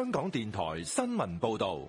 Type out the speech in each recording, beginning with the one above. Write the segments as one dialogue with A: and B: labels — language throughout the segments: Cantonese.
A: 香港電台新聞報道。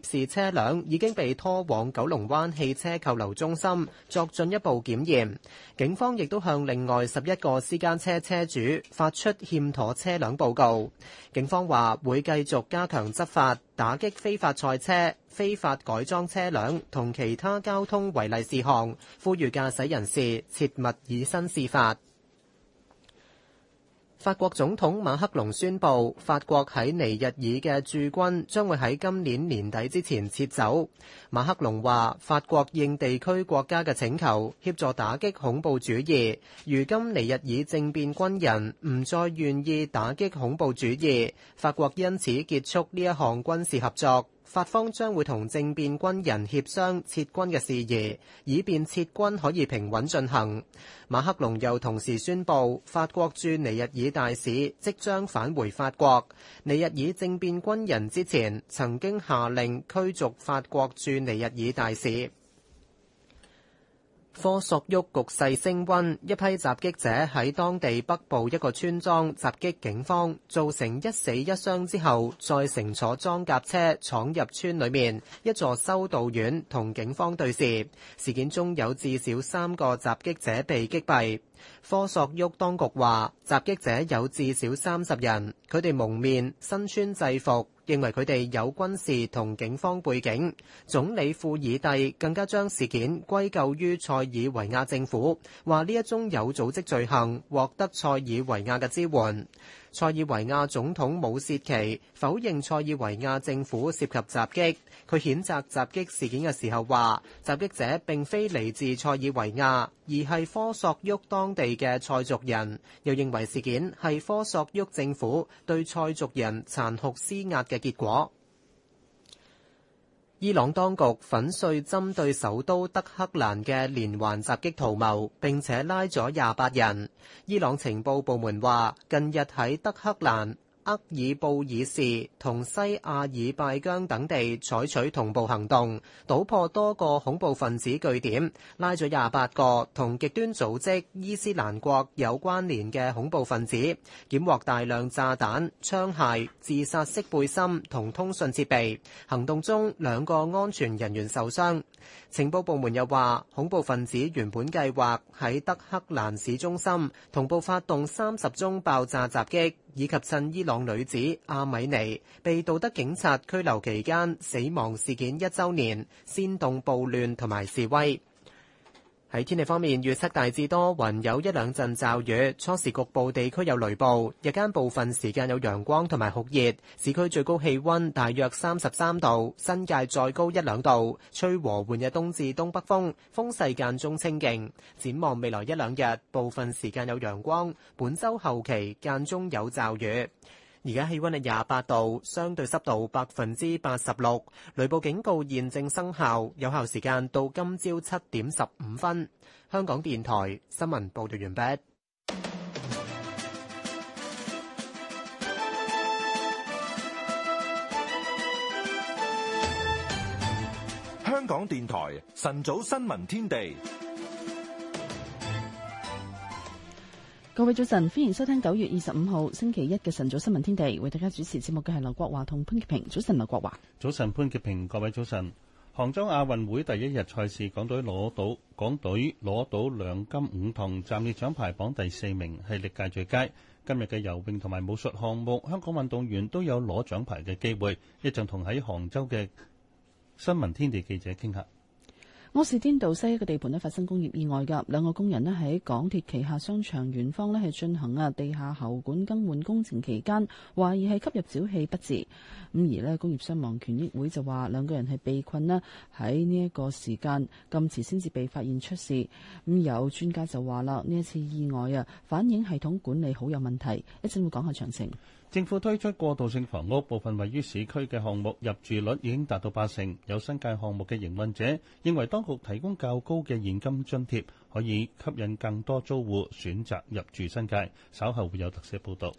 B: 事車輛已經被拖往九龍灣汽車扣留中心作進一步檢驗。警方亦都向另外十一個私家車車主發出欠妥車輛報告。警方話會繼續加強執法，打擊非法賽車、非法改裝車輛同其他交通違例事項，呼籲駕駛人士切勿以身試法。法國總統馬克龍宣布，法國喺尼日爾嘅駐軍將會喺今年年底之前撤走。馬克龍話，法國應地區國家嘅請求，協助打擊恐怖主義。如今尼日爾政變軍人唔再願意打擊恐怖主義，法國因此結束呢一項軍事合作。法方將會同政變軍人協商撤軍嘅事宜，以便撤軍可以平穩進行。馬克龍又同時宣布，法國駐尼日爾大使即將返回法國。尼日爾政變軍人之前曾經下令驅逐法國駐尼日爾大使。科索沃局勢升溫，一批襲擊者喺當地北部一個村莊襲擊警方，造成一死一傷之後，再乘坐裝甲車闖入村裏面一座修道院同警方對峙。事件中有至少三個襲擊者被擊斃。科索沃當局話，襲擊者有至少三十人，佢哋蒙面、身穿制服，認為佢哋有軍事同警方背景。總理庫爾蒂更加將事件歸咎於塞爾維亞政府，話呢一宗有組織罪行獲得塞爾維亞嘅支援。塞爾維亞總統武契奇否認塞爾維亞政府涉及襲擊，佢譴責襲擊事件嘅時候話，襲擊者並非嚟自塞爾維亞，而係科索沃當地。嘅塞族人又認為事件係科索沃政府對塞族人殘酷施壓嘅結果。伊朗當局粉碎針對首都德黑蘭嘅連環襲擊圖謀，並且拉咗廿八人。伊朗情報部門話，近日喺德黑蘭、厄爾布爾士同西阿爾拜疆等地採取同步行動，搗破多個恐怖分子據點，拉咗廿八個同極端組織伊斯蘭國有關聯嘅恐怖分子，檢獲大量炸彈、槍械、自殺式背心同通訊設備。行動中兩個安全人員受傷。情報部門又話，恐怖分子原本計劃喺德黑蘭市中心同步發動三十宗爆炸襲擊。以及趁伊朗女子阿米尼被道德警察拘留期間死亡事件一周年，煽動暴亂同埋示威。喺天氣方面，預測大致多雲，有一兩陣驟雨，初時局部地區有雷暴，日間部分時間有陽光同埋酷熱，市區最高氣溫大約三十三度，新界再高一兩度，吹和緩嘅東至東北風，風勢間中清勁，展望未來一兩日，部分時間有陽光，本周後期間中有驟雨。而家氣温係廿八度，相對濕度百分之八十六。雷暴警告現正生效，有效時間到今朝七點十五分。香港電台新聞報道完畢。
A: 香港電台晨早新聞天地。
C: 各位早晨，歡迎收聽九月二十五號星期一嘅晨早新聞天地。為大家主持節目嘅係劉國華同潘潔平。早晨，劉國華。
D: 早晨，潘潔平。各位早晨。杭州亞運會第一日賽事，港隊攞到港隊攞到兩金五銅，暫列獎牌榜第四名，係歷屆最佳。今日嘅游泳同埋武術項目，香港運動員都有攞獎牌嘅機會。一陣同喺杭州嘅新聞天地記者傾下。
C: 我市天道西一個地盤咧發生工業意外噶，兩個工人咧喺港鐵旗下商場元方咧係進行啊地下喉管更換工程期間，懷疑係吸入沼氣不治。咁而咧，工業傷亡權益會就話兩個人係被困啦喺呢一個時間，咁遲先至被發現出事。咁有專家就話啦，呢一次意外啊，反映系統管理好有問題。一
D: 陣會講下詳情。政府推出過渡性房屋，部分位於市區嘅項目入住率已經達到八成。有新界項目嘅營運者認為當局提供較高嘅現金津貼，可以吸引更多租戶選擇入住新界。稍後會有特寫報道。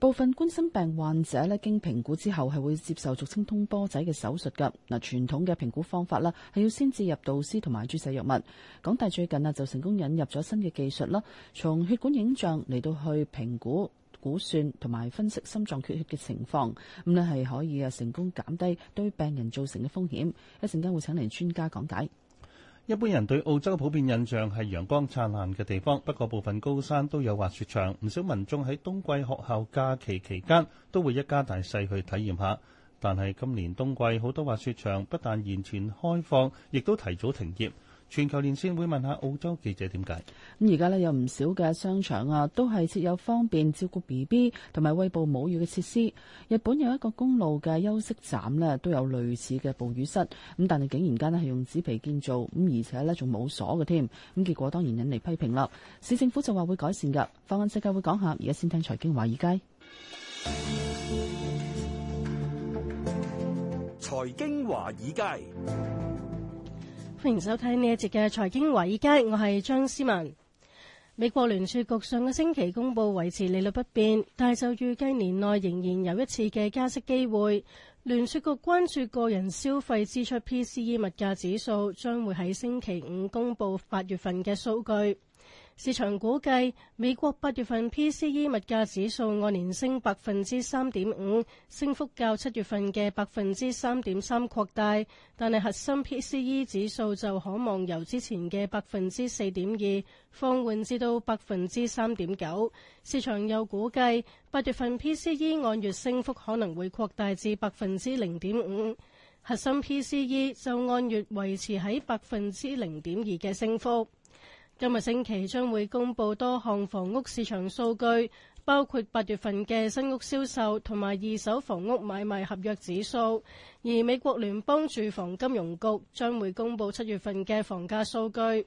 C: 部分冠心病患者咧，經評估之後，係會接受俗稱通波仔嘅手術噶，嗱，傳統嘅評估方法啦，係要先置入導絲同埋注射藥物。港大最近啊，就成功引入咗新嘅技術啦，從血管影像嚟到去評估。估算同埋分析心臟缺血嘅情況，咁呢係可以啊，成功減低對病人造成嘅風險。一陣間會請嚟專家講解。
D: 一般人對澳洲普遍印象係陽光燦爛嘅地方，不過部分高山都有滑雪場，唔少民眾喺冬季學校假期期間都會一家大細去體驗下。但係今年冬季好多滑雪場不但延遲開放，亦都提早停業。全球連線會問下澳洲記者點解。
C: 咁而家咧有唔少嘅商場啊，都係設有方便照顧 BB 同埋餵哺母乳嘅設施。日本有一個公路嘅休息站咧，都有類似嘅哺乳室，咁但係竟然間咧係用紙皮建造，咁而且咧仲冇鎖嘅添，咁結果當然引嚟批評啦。市政府就話會改善㗎。放眼世界會講下，而家先聽財經華爾街。
A: 財經華爾街。
E: 歡迎收睇呢一節嘅財經華爾街，我係張思文。美國聯儲局上個星期公布維持利率不變，但就預計年內仍然有一次嘅加息機會。聯儲局關注個人消費支出 PCE 物價指數將會喺星期五公布八月份嘅數據。市場估計，美國八月份 PCE 物價指數按年升百分之三點五，升幅較七月份嘅百分之三點三擴大，但係核心 PCE 指數就可望由之前嘅百分之四點二放緩至到百分之三點九。市場又估計，八月份 PCE 按月升幅可能會擴大至百分之零點五，核心 PCE 就按月維持喺百分之零點二嘅升幅。今日星期將會公布多項房屋市場數據，包括八月份嘅新屋銷售同埋二手房屋買賣合約指數，而美國聯邦住房金融局將會公布七月份嘅房價數據。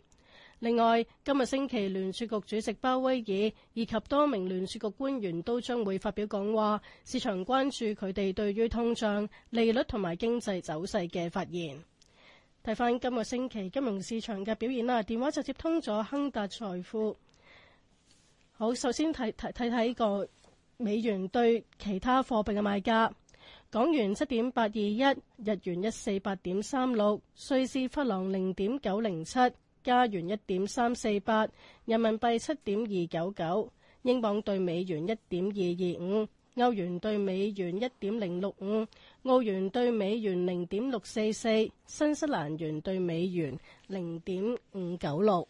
E: 另外，今日星期聯儲局主席鮑威爾以及多名聯儲局官員都將會發表講話，市場關注佢哋對於通脹、利率同埋經濟走勢嘅發言。睇翻今個星期金融市場嘅表現啦，電話就接通咗亨達財富。好，首先睇睇睇睇個美元對其他貨幣嘅買價：港元七點八二一，日元一四八點三六，瑞士法郎零點九零七，加元一點三四八，人民幣七點二九九，英鎊對美元一點二二五，歐元對美元一點零六五。澳元兌美元零點六四四，新西蘭元兌美元零點五九六。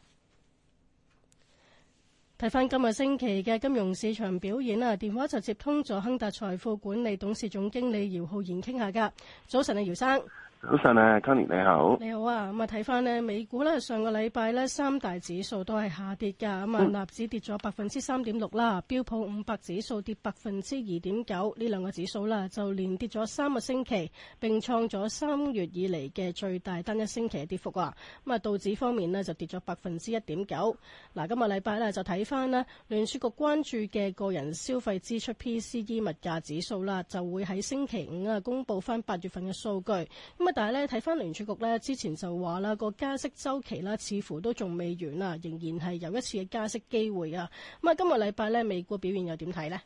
E: 睇翻今日星期嘅金融市場表現啊，電話就接通咗亨達財富管理董事總經理姚浩然傾下㗎。早晨啊，姚生。
F: 早晨啊，Connie
E: 你好。你好啊，咁啊睇翻呢美股咧上個禮拜呢，三大指數都係下跌㗎，咁啊納指跌咗百分之三點六啦，標普五百指數跌百分之二點九，呢兩個指數啦就連跌咗三個星期，並創咗三月以嚟嘅最大單一星期嘅跌幅啊。咁啊道指方面呢，就跌咗百分之一點九。嗱，今日禮拜咧就睇翻呢聯儲局關注嘅個人消費支出 PCE 物價指數啦，就會喺星期五啊公佈翻八月份嘅數據咁啊。但係咧，睇翻聯儲局咧，之前就話啦，個加息週期啦，似乎都仲未完啊，仍然係有一次嘅加息機會啊。咁啊，今日禮拜咧，美股表現又點睇呢？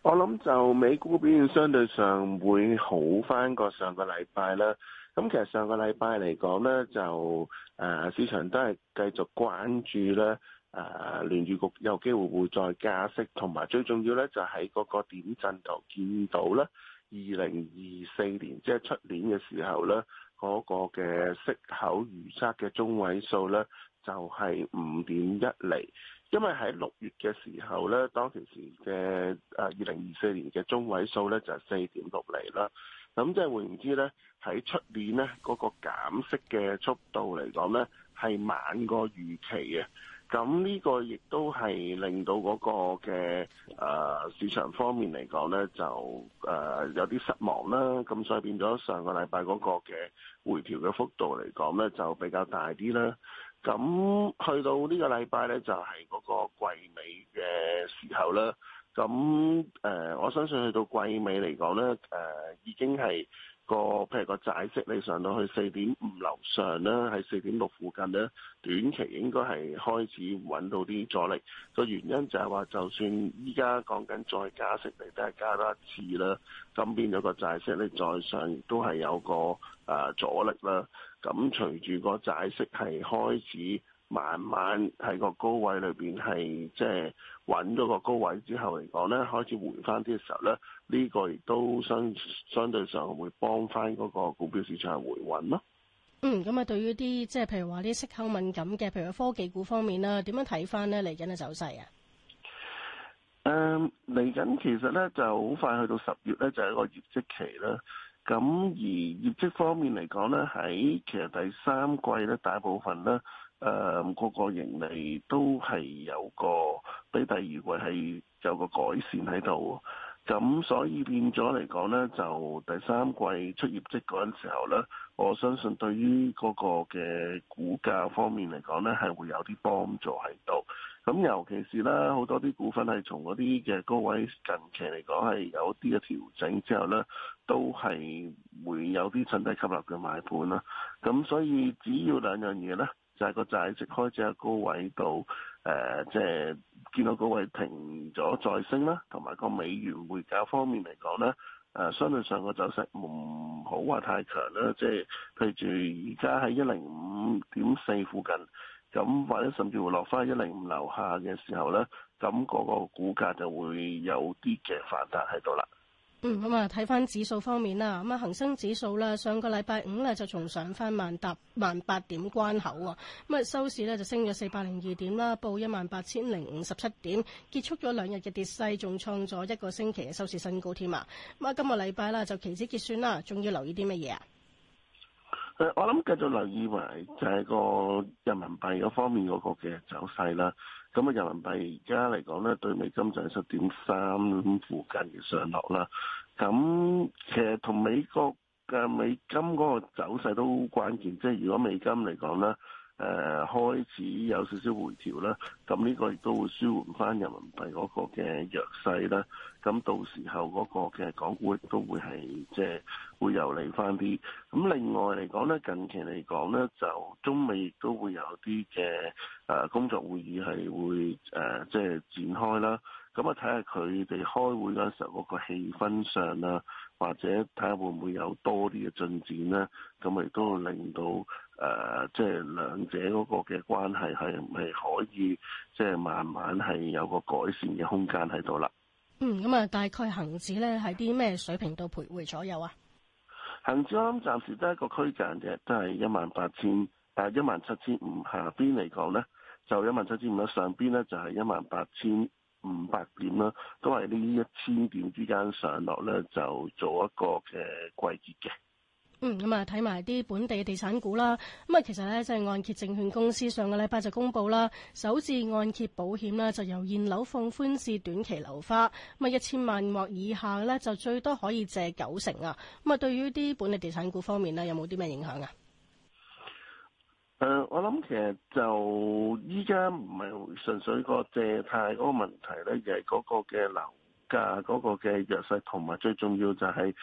F: 我諗就美股表現相對上會好翻過上個禮拜啦。咁其實上個禮拜嚟講呢，就誒、啊、市場都係繼續關注咧，誒、啊、聯儲局有機會會再加息，同埋最重要咧就喺、是、嗰個點陣度見到咧。二零二四年即係出年嘅時候呢，嗰個嘅息口預測嘅中位數呢，就係五點一厘。因為喺六月嘅時候呢，當其時嘅誒二零二四年嘅中位數呢，就係四點六厘啦。咁即係換言之呢，喺出年呢，嗰個減息嘅速度嚟講呢係慢過預期嘅。咁呢個亦都係令到嗰個嘅誒、呃、市場方面嚟講咧，就誒、呃、有啲失望啦。咁所以變咗上個禮拜嗰個嘅回調嘅幅度嚟講咧，就比較大啲啦。咁去到個呢個禮拜咧，就係、是、嗰個季尾嘅時候啦。咁誒、呃，我相信去到季尾嚟講咧，誒、呃、已經係。個譬如個債息，你上到去四點五樓上啦，喺四點六附近呢，短期應該係開始揾到啲阻力。個原因就係話，就算依家講緊再加息，你都係加多一次啦。咁變咗個債息，你再上都係有個啊、呃、阻力啦。咁隨住個債息係開始慢慢喺個高位裏邊係即係揾咗個高位之後嚟講咧，開始回翻啲嘅時候咧。呢個亦都相相對上會幫翻嗰個股票市場回穩咯。
E: 嗯，咁啊，對於啲即係譬如話啲息口敏感嘅，譬如科技股方面啦，點樣睇翻呢？嚟緊嘅走勢啊？
F: 誒、嗯，嚟緊其實呢就好快去到十月呢，就係一個業績期啦。咁而業績方面嚟講呢，喺其實第三季呢，大部分呢誒個、呃、個盈利都係有個比第二季係有個改善喺度。咁所以變咗嚟講呢，就第三季出業績嗰陣時候呢，我相信對於嗰個嘅股價方面嚟講呢，係會有啲幫助喺度。咁尤其是啦，好多啲股份係從嗰啲嘅高位近期嚟講係有啲嘅調整之後呢，都係會有啲趁低吸納嘅買盤啦。咁所以只要兩樣嘢呢，就係、是、個債值開始喺高位度。誒、呃，即係見到個位停咗再升啦，同埋個美元匯價方面嚟講咧，誒、呃，相對上個走勢唔好話太強啦。即係譬如而家喺一零五點四附近，咁或者甚至會落翻一零五樓下嘅時候咧，咁嗰個股價就會有啲嘅反彈喺度啦。
E: 嗯，咁啊，睇翻指數方面啦，咁啊，恒生指數啦，上個禮拜五咧就仲上返萬八萬八點關口喎，咁啊，收市咧就升咗四百零二點啦，報一萬八千零五十七點，結束咗兩日嘅跌勢，仲創咗一個星期嘅收市新高添啊，咁啊，今個禮拜啦就期指結算啦，仲要留意啲乜嘢
F: 啊？誒，我諗繼續留意埋就係、是、個人民幣嗰方面嗰個嘅走勢啦。咁啊，人民幣而家嚟講咧，對美金就係七點三附近嘅上落啦。咁其實同美國嘅美金嗰個走勢都好關鍵，即係如果美金嚟講咧，誒、呃、開始有少少回調啦，咁呢個亦都會舒緩翻人民幣嗰個嘅弱勢啦。咁到時候嗰個嘅港股亦都會係即係會游離翻啲。咁另外嚟講咧，近期嚟講咧，就中美亦都會有啲嘅誒工作會議係會誒即係展開啦。咁啊睇下佢哋開會嗰陣時候嗰個氣氛上啊，或者睇下會唔會有多啲嘅進展啦。咁亦都令到誒即係兩者嗰個嘅關係，係唔係可以即係慢慢係有個改善嘅空間喺度啦。
E: 嗯，咁啊，大概恒指咧喺啲咩水平度徘徊咗右啊？
F: 恒指啱啱暫時得一個區間嘅，都係一萬八千，但係一萬七千五下邊嚟講咧就一萬七千五啦，上邊咧就係一萬八千五百點啦，都係呢一千點之間上落咧就做一個嘅、呃、季節嘅。
E: 嗯，咁啊，睇埋啲本地嘅地產股啦，咁啊其實咧即係按揭證券公司上個禮拜就公布啦，首次按揭保險啦就由現樓放寬至短期樓花，咁啊一千萬或以下咧就最多可以借九成啊，咁啊對於啲本地地產股方面咧有冇啲咩影響啊？
F: 誒、呃，我諗其實就依家唔係純粹個借貸嗰個問題咧，而係嗰個嘅樓價嗰個嘅弱勢，同埋最重要就係、是。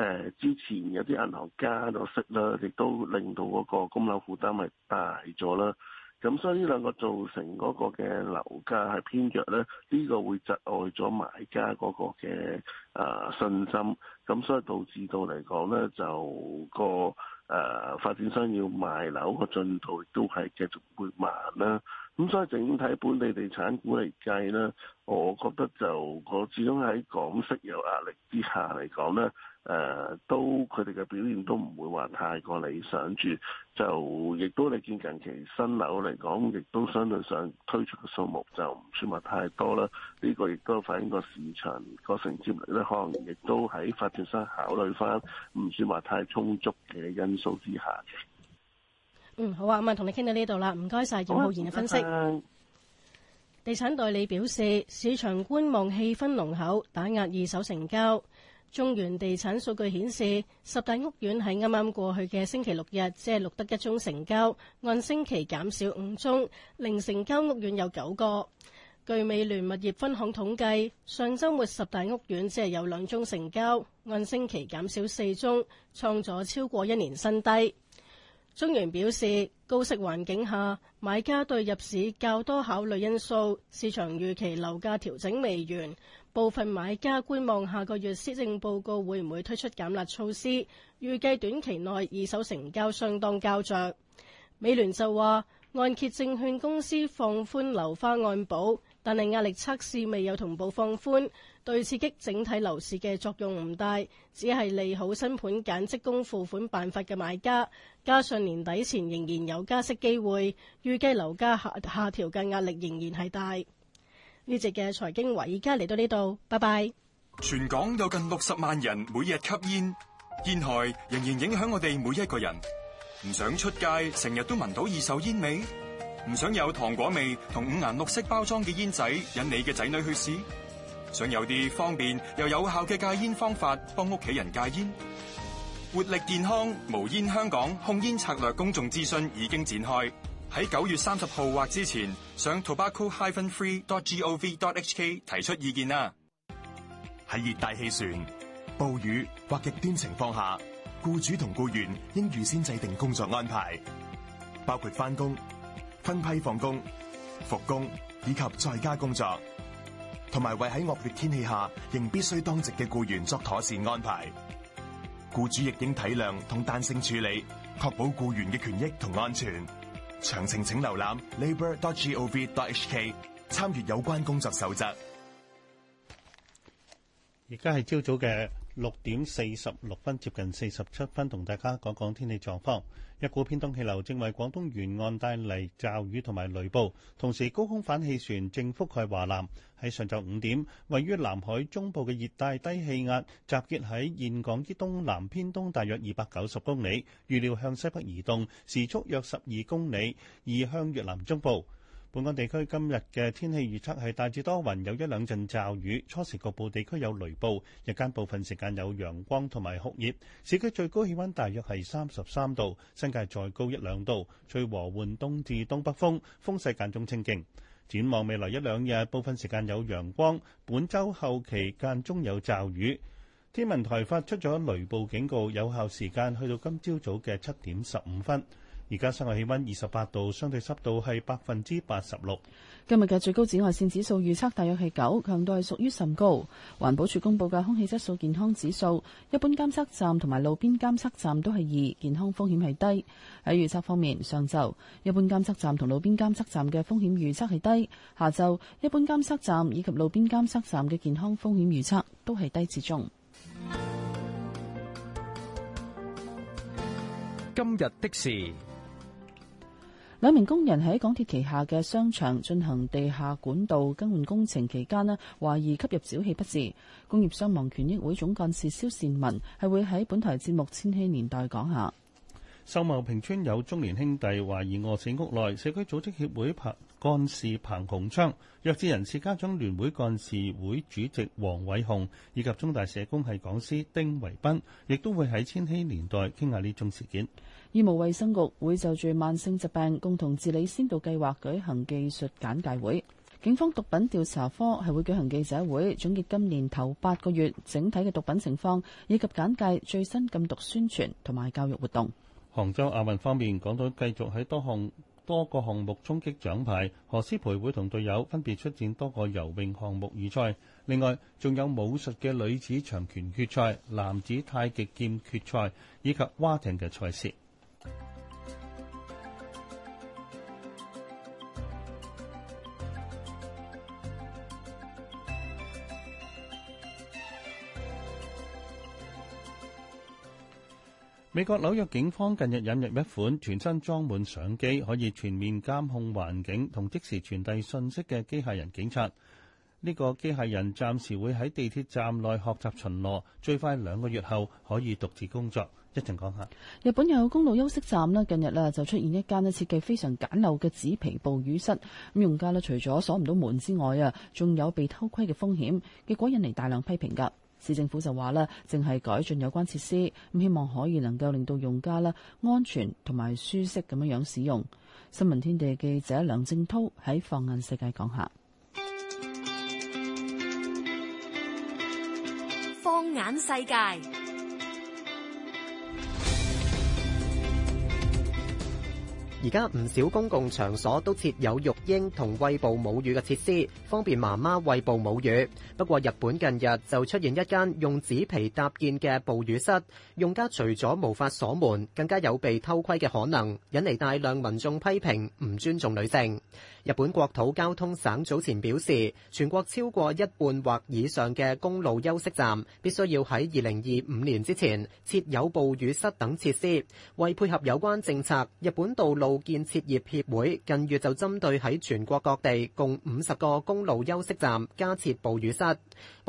F: 誒之前有啲銀行加咗息啦，亦都令到嗰個供樓負擔係大咗啦。咁所以呢兩個造成嗰個嘅樓價係偏弱咧，呢、這個會窒礙咗買家嗰個嘅啊、呃、信心。咁所以導致到嚟講咧，就、那個誒、呃、發展商要賣樓個進度亦都係繼續會慢啦。咁所以整體本地地產股嚟計咧，我覺得就我始終喺港息有壓力之下嚟講咧。誒、呃，都佢哋嘅表現都唔會話太過理想，住就亦都你見近期新樓嚟講，亦都相對上推出嘅數目就唔算話太多啦。呢、這個亦都反映個市場個承接力咧，可能亦都喺發展商考慮翻，唔算話太充足嘅因素之下
E: 嘅。嗯，好啊，咁、嗯、啊，同你傾到呢度啦，唔該晒，葉浩然嘅分析。啊、地產代理表示，市場觀望氣氛濃厚，打壓二手成交。中原地產數據顯示，十大屋苑喺啱啱過去嘅星期六日，只係錄得一宗成交，按星期減少五宗，零成交屋苑有九個。據美聯物業分行統計，上周末十大屋苑只係有兩宗成交，按星期減少四宗，創咗超過一年新低。中原表示，高息環境下，買家對入市較多考慮因素，市場預期樓價調整未完。部分買家觀望下個月施政報告會唔會推出減壓措施，預計短期內二手成交相當膠着。美聯就話，按揭證券公司放寬樓花按保，但係壓力測試未有同步放寬，對刺激整體樓市嘅作用唔大，只係利好新盤揀即供付款辦法嘅買家。加上年底前仍然有加息機會，預計樓價下下調嘅壓力仍然係大。呢集嘅財經話，而家嚟到呢度，拜拜。
G: 全港有近六十萬人每日吸煙，煙害仍然影響我哋每一個人。唔想出街成日都聞到二手煙味，唔想有糖果味同五顏六色包裝嘅煙仔引你嘅仔女去試，想有啲方便又有效嘅戒煙方法幫屋企人戒煙，活力健康
A: 無煙香港控煙策略公眾諮詢已經展開。喺九月三十號或之前上 tobacco-hyphen-free.gov.hk 提出意見啦。喺熱帶氣旋、暴雨或極端情況下，僱主同僱員應預先制定工作安排，包括翻工、分批放工、復工以及在家工作，同埋為喺惡劣天氣下仍必須當值嘅僱員作妥善安排。僱主亦應體諒同彈性處理，確保僱員嘅權益同安全。詳情請瀏覽 labour.gov.hk，參與有關工作守則。
D: 而家係朝早嘅。六點四十六分，接近四十七分，同大家講講天氣狀況。一股偏東氣流正為廣東沿岸帶嚟驟雨同埋雷暴，同時高空反氣旋正覆蓋華南。喺上晝五點，位於南海中部嘅熱帶低氣壓集結喺現港之東南偏東，大約二百九十公里，預料向西北移動，時速約十二公里，移向越南中部。本港地區今日嘅天氣預測係大致多雲，有一兩陣驟雨，初時局部地區有雷暴，日間部分時間有陽光同埋酷熱，市區最高氣溫大約係三十三度，新界再高一兩度。吹和緩東至東北風，風勢間中清勁，展望未來一兩日，部分時間有陽光，本周後期間中有驟雨。天文台發出咗雷暴警告，有效時間去到今朝早嘅七點十五分。而家室外氣溫二十八度，相對濕度係百分之八十六。
C: 今日嘅最高紫外線指數預測大約係九，強度係屬於甚高。環保署公佈嘅空氣質素健康指數，一般監測站同埋路邊監測站都係二，健康風險係低。喺預測方面，上晝一般監測站同路邊監測站嘅風險預測係低，下晝一般監測站以及路邊監測站嘅健康風險預測都係低至中。
H: 今日的時。
C: 兩名工人喺港鐵旗下嘅商場進行地下管道更換工程期間咧，懷疑吸入沼氣不治。工業傷亡權益會總幹事蕭善文係會喺本台節目《千禧年代》講
D: 下。秀茂坪村有中年兄弟懷疑餓死屋內，社區組織協會彭幹事彭洪昌、弱智人士家長聯會幹事會主席黃偉雄以及中大社工系講師丁維斌，亦都會喺《千禧年代》傾下呢種事件。
C: 醫務衛生局會就住慢性疾病共同治理先導計劃舉行技術簡介會。警方毒品調查科係會舉行記者會，總結今年頭八個月整體嘅毒品情況，以及簡介最新禁毒宣傳同埋教
D: 育活動。杭州亞運方面，港隊繼續喺多項多個項目衝擊獎牌。何詩蓓會同隊友分別出戰多個游泳項目預賽，另外仲有武術嘅女子長拳決賽、男子太極劍決賽以及蛙艇嘅賽事。美國紐約警方近日引入一款全身裝滿相機，可以全面監控環境同即時傳遞信息嘅機械人警察。呢個機械人暫時會喺地鐵站內學習巡邏，最快兩個月後可以獨自工作。一陣講下。
C: 日本有公路休息站啦，近日啦就出現一間咧設計非常簡陋嘅紙皮哺乳室。咁用家咧除咗鎖唔到門之外啊，仲有被偷窺嘅風險，結果引嚟大量批評㗎。市政府就話咧，淨係改進有關設施，咁希望可以能夠令到用家咧安全同埋舒適咁樣樣使用。新聞天地記者梁正濤喺放眼世界講下，
I: 放眼世界。
B: 而家唔少公共場所都設有育嬰同餵哺母乳嘅設施，方便媽媽餵哺母乳。不過，日本近日就出現一間用紙皮搭建嘅哺乳室，用家除咗無法鎖門，更加有被偷窺嘅可能，引嚟大量民眾批評唔尊重女性。日本國土交通省早前表示，全國超過一半或以上嘅公路休息站必須要喺二零二五年之前設有哺乳室等設施。為配合有關政策，日本道路建設業協會近月就針對喺全國各地共五十個公路休息站加設暴雨室。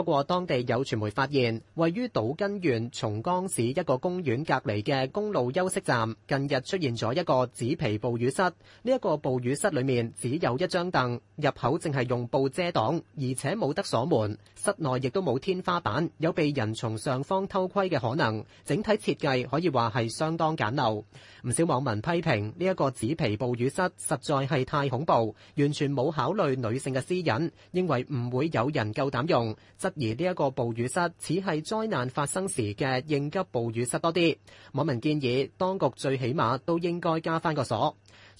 B: 不過當地有傳媒發現，位於島根縣松江市一個公園隔籬嘅公路休息站，近日出現咗一個紙皮暴雨室。呢一個暴雨室裏面只有一張凳，入口淨係用布遮擋，而且冇得鎖門，室內亦都冇天花板，有被人從上方偷窺嘅可能。整體設計可以話係相當簡陋。唔少網民批評呢一個紙皮暴雨室實在係太恐怖，完全冇考慮女性嘅私隱，認為唔會有人夠膽用。而呢一個暴雨室似係災難發生時嘅應急暴雨室多啲，網民建議當局最起碼都應該加返個鎖。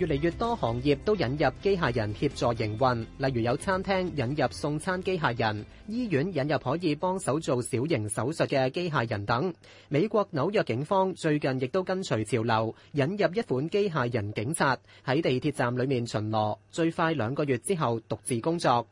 B: 越嚟越多行業都引入機械人協助營運，例如有餐廳引入送餐機械人，醫院引入可以幫手做小型手術嘅機械人等。美國紐約警方最近亦都跟隨潮流，引入一款機械人警察，喺地鐵站裏面巡邏，最快兩個月之後獨自工作。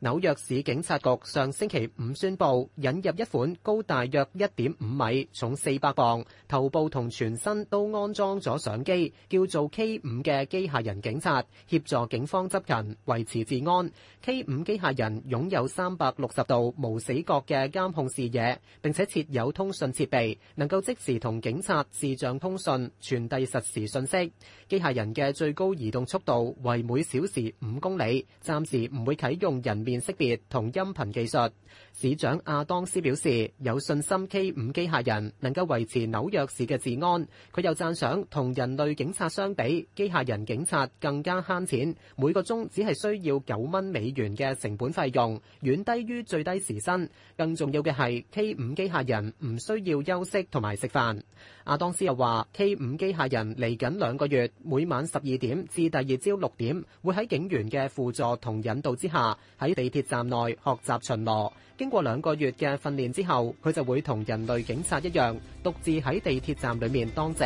B: 紐約市警察局上星期五宣布，引入一款高大約一點五米、重四百磅、頭部同全身都安裝咗相機，叫做 K 五嘅機械人警察，協助警方執勤維持治安。K 五機械人擁有三百六十度無死角嘅監控視野，並且設有通訊設備，能夠即時同警察視像通訊，傳遞實時信息。機械人嘅最高移動速度為每小時五公里，暫時唔會啟用人。辨識別同音頻技術。市長阿當斯表示有信心 K 五機械人能夠維持紐約市嘅治安。佢又讚賞同人類警察相比，機械人警察更加慳錢，每個鐘只係需要九蚊美元嘅成本費用，遠低於最低時薪。更重要嘅係，K 五機械人唔需要休息同埋食飯。阿當斯又話：K 五機械人嚟緊兩個月，每晚十二點至第二朝六點，會喺警員嘅輔助同引導之下喺。地鐵站內學習巡邏，經過兩個月嘅訓練之後，佢就會同人類警察一樣，獨自喺地鐵站裏面當值。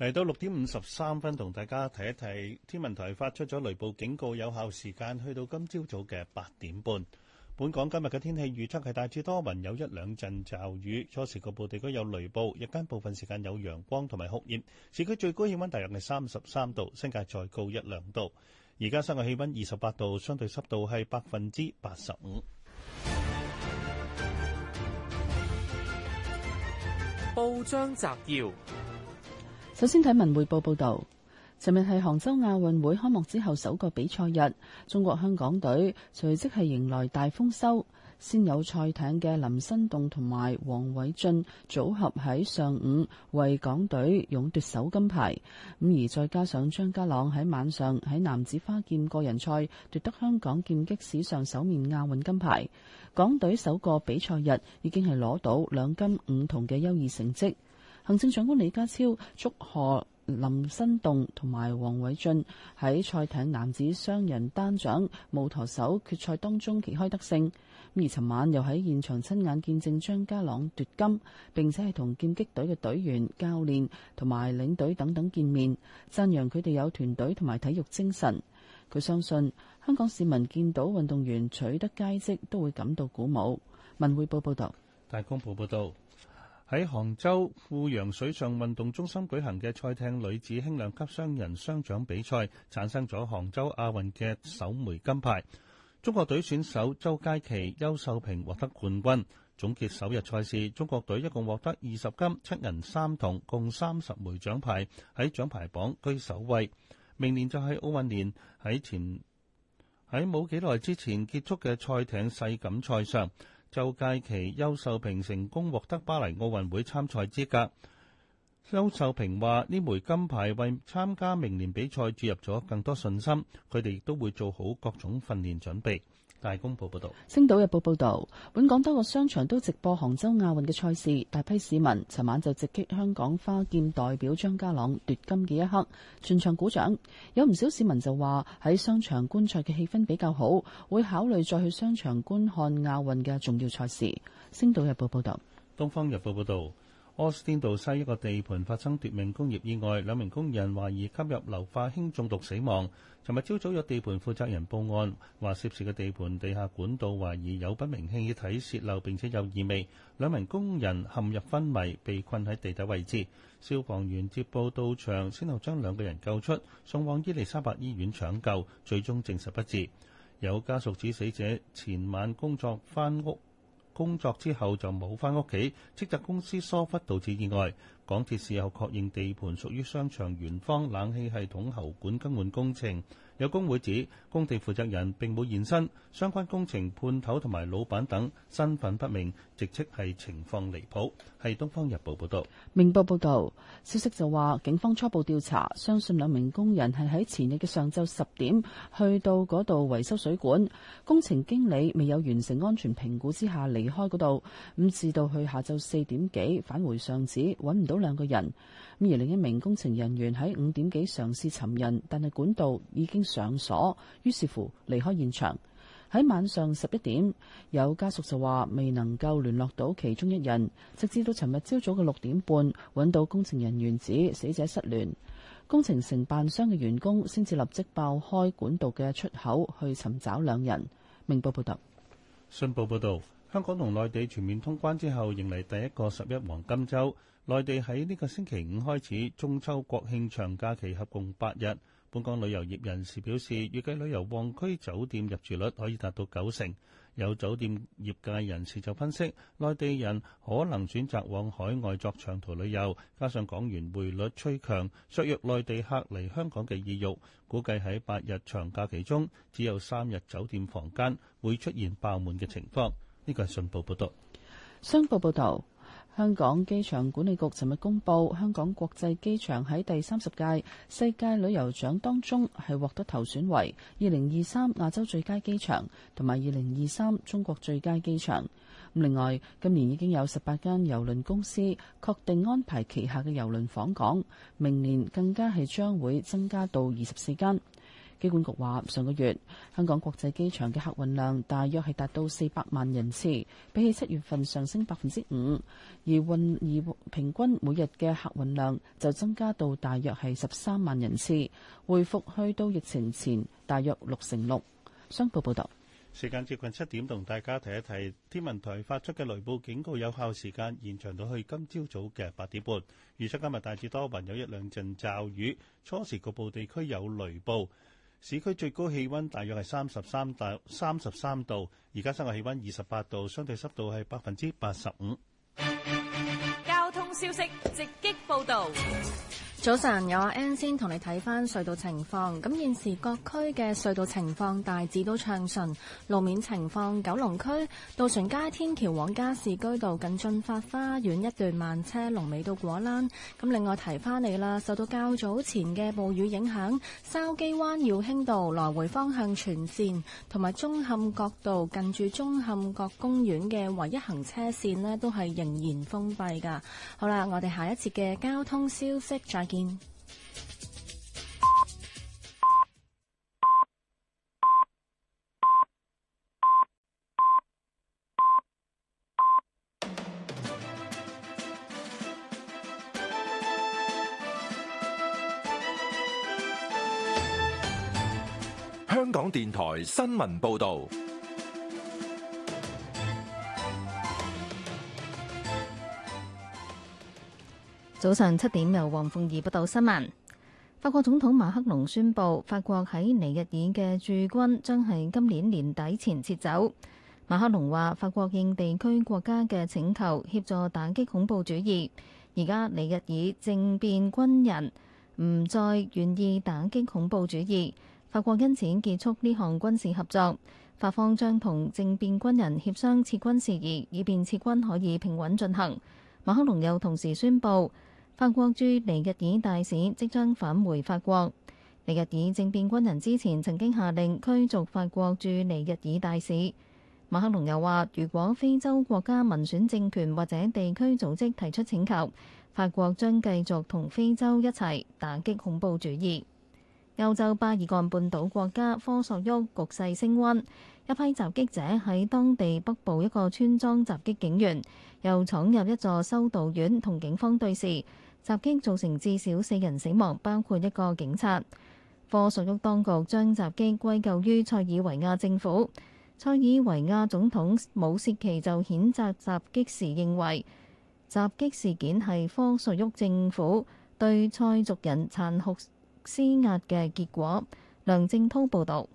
B: 嚟到
D: 六點五十三分，同大家提一提，天文台發出咗雷暴警告，有效時間去到今朝早嘅八點半。本港今日嘅天氣預測係大致多雲，有一兩陣驟雨，初時局部地區有雷暴，日間部分時間有陽光同埋酷熱。市區最高氣溫大約係三十三度，新界再高一兩度。而家室外氣溫二十八度，相對濕度係百分之八十五。報章摘要：
C: 首先睇文匯報報道。前日係杭州亞運會開幕之後首個比賽日，中國香港隊隨即係迎來大豐收，先有賽艇嘅林新棟同埋黃偉俊組合喺上午為港隊勇奪首金牌，咁而再加上張家朗喺晚上喺男子花劍個人賽奪得香港劍擊史上首面亞運金牌，港隊首個比賽日已經係攞到兩金五銅嘅優異成績。行政長官李家超祝賀。林新棟同埋黃偉俊喺賽艇男子雙人單槳無舵手決賽當中旗開得勝，而尋晚又喺現場親眼見證張家朗奪金，並且係同劍擊隊嘅隊員、教練同埋領隊等等見面，讚揚佢哋有團隊同埋體育精神。佢相信香港市民見到運動員取得佳績都會感到鼓舞。文匯報報道，
D: 大公報報道。喺杭州富陽水上運動中心舉行嘅賽艇女子輕量級雙人雙槳比賽，產生咗杭州亞運嘅首枚金牌。中國隊選手周佳琪、邱秀萍獲得冠軍。總結首日賽事，中國隊一共獲得二十金、七銀、三銅，共三十枚獎牌，喺獎牌榜居首位。明年就係奧運年，喺前喺冇幾耐之前結束嘅賽艇世錦賽上。就屆期，邱秀平成功獲得巴黎奧運會參賽資格。邱秀平話：呢枚金牌為參加明年比賽注入咗更多信心，佢哋亦都會做好各種訓練準備。大公報報道，
C: 《星島日報》報道，本港多個商場都直播杭州亞運嘅賽事，大批市民尋晚就直擊香港花劍代表張家朗奪金嘅一刻，全場鼓掌。有唔少市民就話喺商場觀賽嘅氣氛比較好，會考慮再去商場觀看亞運嘅重要賽事。《星島日報》報道，
D: 《東方日報》報道。柯士甸道西一個地盤發生奪命工業意外，兩名工人懷疑吸入硫化氫中毒死亡。尋日朝早有地盤負責人報案，話涉事嘅地盤地下管道懷疑有不明氣體泄漏並且有異味，兩名工人陷入昏迷，被困喺地底位置。消防員接報到場，先後將兩個人救出，送往伊利沙伯醫院搶救，最終證實不治。有家屬指死者前晚工作返屋。工作之後就冇返屋企，斥責公司疏忽導致意外。港鐵事後確認地盤屬於商場圓方冷氣系統喉管更換工程。有工會指工地負責人並冇現身，相關工程判頭同埋老闆等身份不明，直斥係情況離譜，係東方日報報道，
C: 《明報》報道消息就話警方初步調查相信兩名工人係喺前日嘅上晝十點去到嗰度維修水管，工程經理未有完成安全評估之下離開嗰度，咁至到去下晝四點幾返回上址揾唔到兩個人。而另一名工程人員喺五點幾嘗試尋人，但係管道已經上鎖，於是乎離開現場。喺晚上十一點，有家屬就話未能夠聯絡到其中一人，直至到尋日朝早嘅六點半，揾到工程人員指死者失聯。工程承辦商嘅員工先至立即爆開管道嘅出口去尋找兩人。明報報道。
D: 信報報道，香港同內地全面通關之後，迎嚟第一個十一黃金週。內地喺呢個星期五開始中秋國慶長假期合共八日，本港旅遊業人士表示，預計旅遊旺區酒店入住率可以達到九成。有酒店業界人士就分析，內地人可能選擇往海外作長途旅遊，加上港元匯率趨強削弱內地客嚟香港嘅意欲，估計喺八日長假期中，只有三日酒店房間會出現爆滿嘅情況。呢個係信報報道。
C: 商報報道，香港機場管理局尋日公布，香港國際機場喺第三十屆世界旅遊獎當中係獲得投選為二零二三亞洲最佳機場同埋二零二三中國最佳機場。另外，今年已經有十八間郵輪公司確定安排旗下嘅郵輪訪港，明年更加係將會增加到二十四間。機管局話，上個月香港國際機場嘅客運量大約係達到四百萬人次，比起七月份上升百分之五，而運而平均每日嘅客運量就增加到大約係十三萬人次，恢復去到疫情前大約六成六。商報報道，
D: 時間接近七點，同大家提一提天文台發出嘅雷暴警告，有效時間延長到去今朝早嘅八點半。預測今日大致多雲，有一兩陣驟雨，初時局部地區有雷暴。市區最高氣温大約係三十三度，三十三度。而家室外氣温二十八度，相對濕度係百分之八十五。
J: 交通消息直擊報導。
D: 早
I: 晨，有阿 N 先同你睇翻隧道情況。咁現時各區嘅隧道情況大致都暢順，路面情況。九龍區渡船街天橋往加士居道近駿發花園一段慢車，龍尾到果欄。咁另外提翻你啦，受到較早前嘅暴雨影響，筲箕灣耀興道來回方向全線，同埋舂坎角道近住舂坎角公園嘅唯一行車線呢，都係仍然封閉噶。好啦，我哋下一節嘅交通消息再。
A: 香港電台新聞報道。
K: 早上七點，由黃鳳儀報道新聞。法國總統馬克龍宣布，法國喺尼日爾嘅駐軍將喺今年年底前撤走。馬克龍話：法國應地區國家嘅請求，協助打擊恐怖主義。而家尼日爾政變軍人唔再願意打擊恐怖主義，法國因此結束呢項軍事合作。法方將同政變軍人協商撤軍事宜，以便撤軍可以平穩進行。馬克龍又同時宣布。法國駐尼日爾大使即將返回法國。尼日爾政變軍人之前曾經下令驅逐法國駐尼日爾大使。馬克龍又話，如果非洲國家民選政權或者地區組織提出請求，法國將繼續同非洲一齊打擊恐怖主義。歐洲巴爾幹半島國家科索沃局勢升溫，一批襲擊者喺當地北部一個村莊襲擊警員，又闖入一座修道院同警方對峙，襲擊造成至少四人死亡，包括一個警察。科索沃當局將襲擊歸咎於塞爾維亞政府。塞爾維亞總統武契奇就譴責襲擊時認為，襲擊事件係科索沃政府對塞族人殘酷施壓嘅結果，梁正滔報導。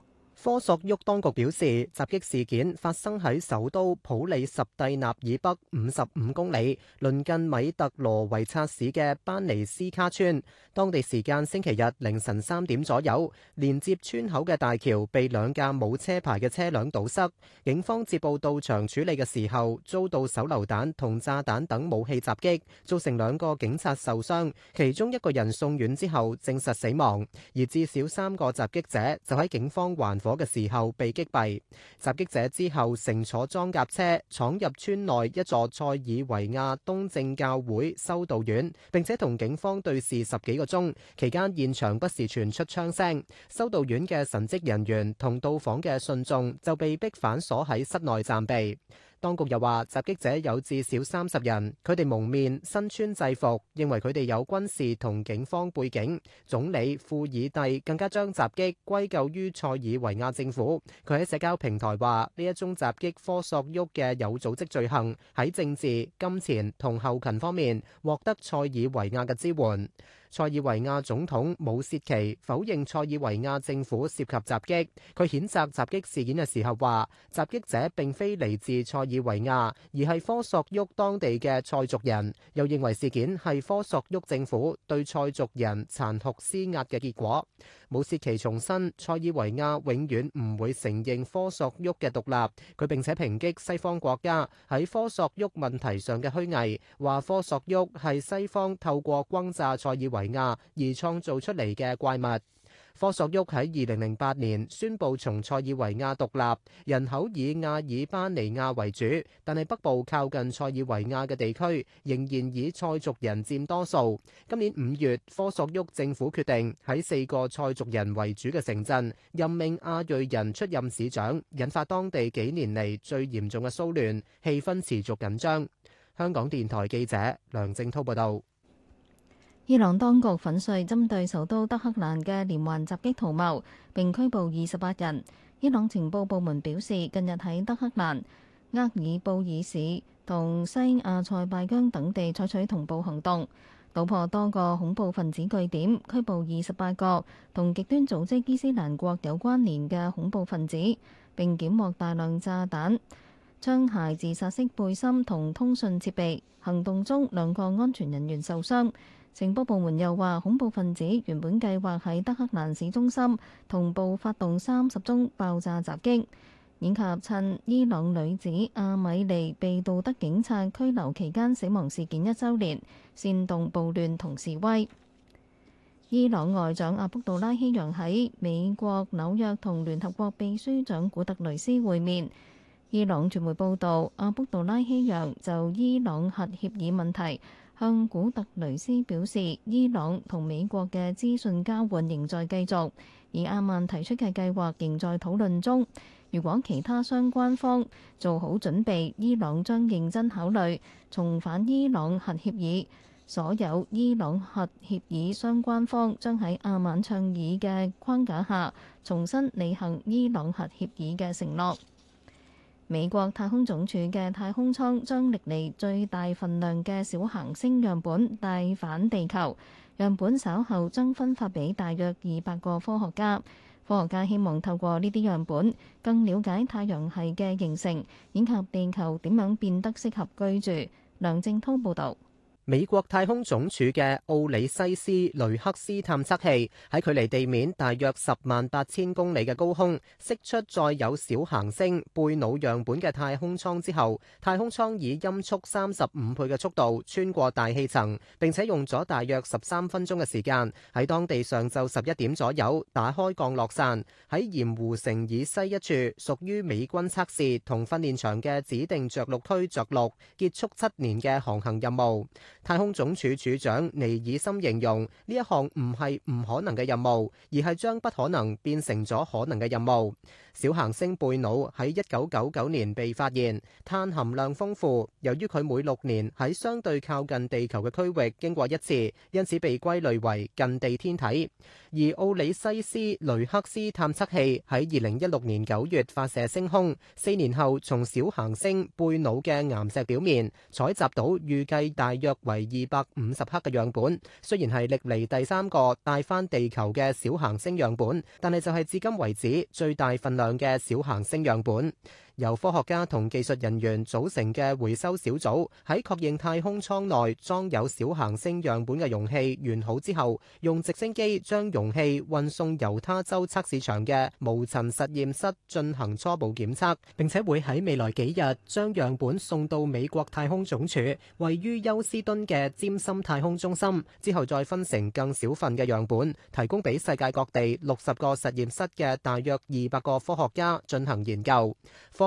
B: 科索沃當局表示，襲擊事件發生喺首都普里什蒂納以北五十五公里，鄰近米特羅維察市嘅班尼斯卡村。當地時間星期日凌晨三點左右，連接村口嘅大橋被兩架冇車牌嘅車輛堵塞。警方接報到場處理嘅時候，遭到手榴彈同炸彈等武器襲擊，造成兩個警察受傷，其中一個人送院之後證實死亡，而至少三個襲擊者就喺警方環。火嘅時候被擊斃，襲擊者之後乘坐裝甲車闖入村內一座塞爾維亞東正教會修道院，並且同警方對峙十幾個鐘，期間現場不時傳出槍聲。修道院嘅神職人員同到訪嘅信眾就被逼反鎖喺室內暫避。當局又話，襲擊者有至少三十人，佢哋蒙面、身穿制服，認為佢哋有軍事同警方背景。總理庫爾蒂更加將襲擊歸咎於塞爾維亞政府。佢喺社交平台話，呢一宗襲擊科索沃嘅有組織罪行，喺政治、金錢同後勤方面獲得塞爾維亞嘅支援。塞爾維亞總統武切奇否認塞爾維亞政府涉及襲擊，佢譴責襲擊事件嘅時候話，襲擊者並非嚟自塞爾維亞，而係科索沃當地嘅塞族人，又認為事件係科索沃政府對塞族人殘酷施壓嘅結果。武切奇重申塞爾維亞永遠唔會承認科索沃嘅獨立，佢並且抨擊西方國家喺科索沃問題上嘅虛偽，話科索沃係西方透過轟炸塞爾維。維亞而創造出嚟嘅怪物。科索沃喺二零零八年宣布從塞爾維亞獨立，人口以阿爾巴尼亞為主，但係北部靠近塞爾維亞嘅地區仍然以塞族人佔多數。今年五月，科索沃政府決定喺四個塞族人為主嘅城鎮任命阿裔人出任市長，引發當地幾年嚟最嚴重嘅騷亂，氣氛持續緊張。香港電台記者梁正濤報道。
K: 伊朗當局粉碎針對首都德黑蘭嘅連環襲擊圖謀，並拘捕二十八人。伊朗情報部門表示，近日喺德黑蘭、厄爾布爾市同西亞塞拜疆等地採取同步行動，搗破多個恐怖分子據點，拘捕二十八個同極端組織伊斯蘭國有關連嘅恐怖分子，並檢獲大量炸彈、槍械、自殺式背心同通訊設備。行動中，兩個安全人員受傷。情報部門又話，恐怖分子原本計劃喺德克蘭市中心同步發動三十宗爆炸襲擊，掩及趁伊朗女子阿米尼被道德警察拘留期間死亡事件一週年煽動暴亂同示威。伊朗外長阿卜杜拉希揚喺美國紐約同聯合國秘書長古特雷斯會面。伊朗傳媒報導，阿卜杜拉希揚就伊朗核協議問題，向古特雷斯表示，伊朗同美國嘅資訊交換仍在繼續，而阿曼提出嘅計劃仍在討論中。如果其他相關方做好準備，伊朗將認真考慮重返伊朗核協議，所有伊朗核協議相關方將喺阿曼倡議嘅框架下，重新履行伊朗核協議嘅承諾。美國太空總署嘅太空艙將歷嚟最大份量嘅小行星樣本帶返地球，樣本稍後將分發俾大約二百個科學家。科學家希望透過呢啲樣本，更了解太陽系嘅形成，以及地球點樣變得適合居住。梁
B: 正滔報導。美國太空總署嘅奧里西斯雷克斯探測器喺距離地面大約十萬八千公里嘅高空釋出載有小行星貝努樣本嘅太空艙之後，太空艙以音速三十五倍嘅速度穿過大氣層，並且用咗大約十三分鐘嘅時間，喺當地上晝十一點左右打開降落傘，喺鹽湖城以西一處屬於美軍測試同訓練場嘅指定着陸區着陸，結束七年嘅航行任務。太空總署署長尼爾森形容呢一項唔係唔可能嘅任務，而係將不可能變成咗可能嘅任務。小行星貝魯喺一九九九年被發現，碳含量豐富，由於佢每六年喺相對靠近地球嘅區域經過一次，因此被歸類為近地天體。而奧里西斯雷克斯探測器喺二零一六年九月發射升空，四年後從小行星貝魯嘅岩石表面採集到預計大約為二百五十克嘅樣本，雖然係歷嚟第三個帶翻地球嘅小行星樣本，但係就係至今為止最大份量嘅小行星樣本。由科學家同技術人員組成嘅回收小組喺確認，太空艙內裝有小行星樣本嘅容器完好之後，用直升機將容器運送猶他州測試場嘅無塵實驗室進行初步檢測，並且會喺未來幾日將樣本送到美國太空總署位於休斯敦嘅詹森太空中心，之後再分成更小份嘅樣本，提供俾世界各地六十個實驗室嘅大約二百個科學家進行研究科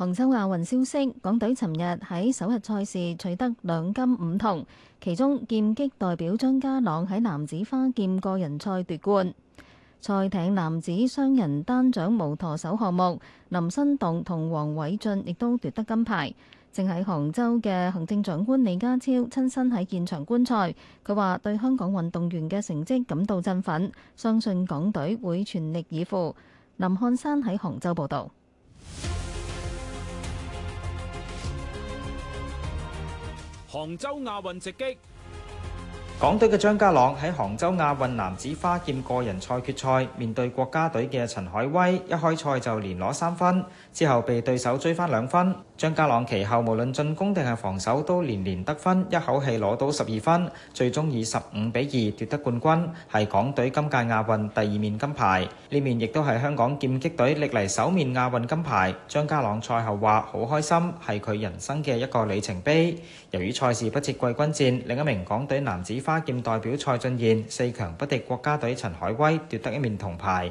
K: 杭州亞運消息，港隊尋日喺首日賽事取得兩金五銅，其中劍擊代表張家朗喺男子花劍個人賽奪冠，賽艇男子雙人單槳無舵手項目，林新棟同黃偉俊亦都奪得金牌。正喺杭州嘅行政長官李家超親身喺現場觀賽，佢話對香港運動員嘅成績感到振奮，相信港隊會全力以赴。林漢山喺杭州報導。
A: 杭州亞運直
H: 擊，港隊嘅張家朗喺杭州亞運男子花劍個人賽決賽，面對國家隊嘅陳海威，一開賽就連攞三分。之後被對手追翻兩分，張家朗其後無論進攻定係防守都連連得分，一口氣攞到十二分，最終以十五比二奪得冠軍，係港隊今屆亞運第二面金牌，呢面亦都係香港劍擊隊歷嚟首面亞運金牌。張家朗賽後話好開心，係佢人生嘅一個里程碑。由於賽事不設季軍戰，另一名港隊男子花劍代表蔡俊彥四強不敵國家隊陳海威，奪得一面銅牌。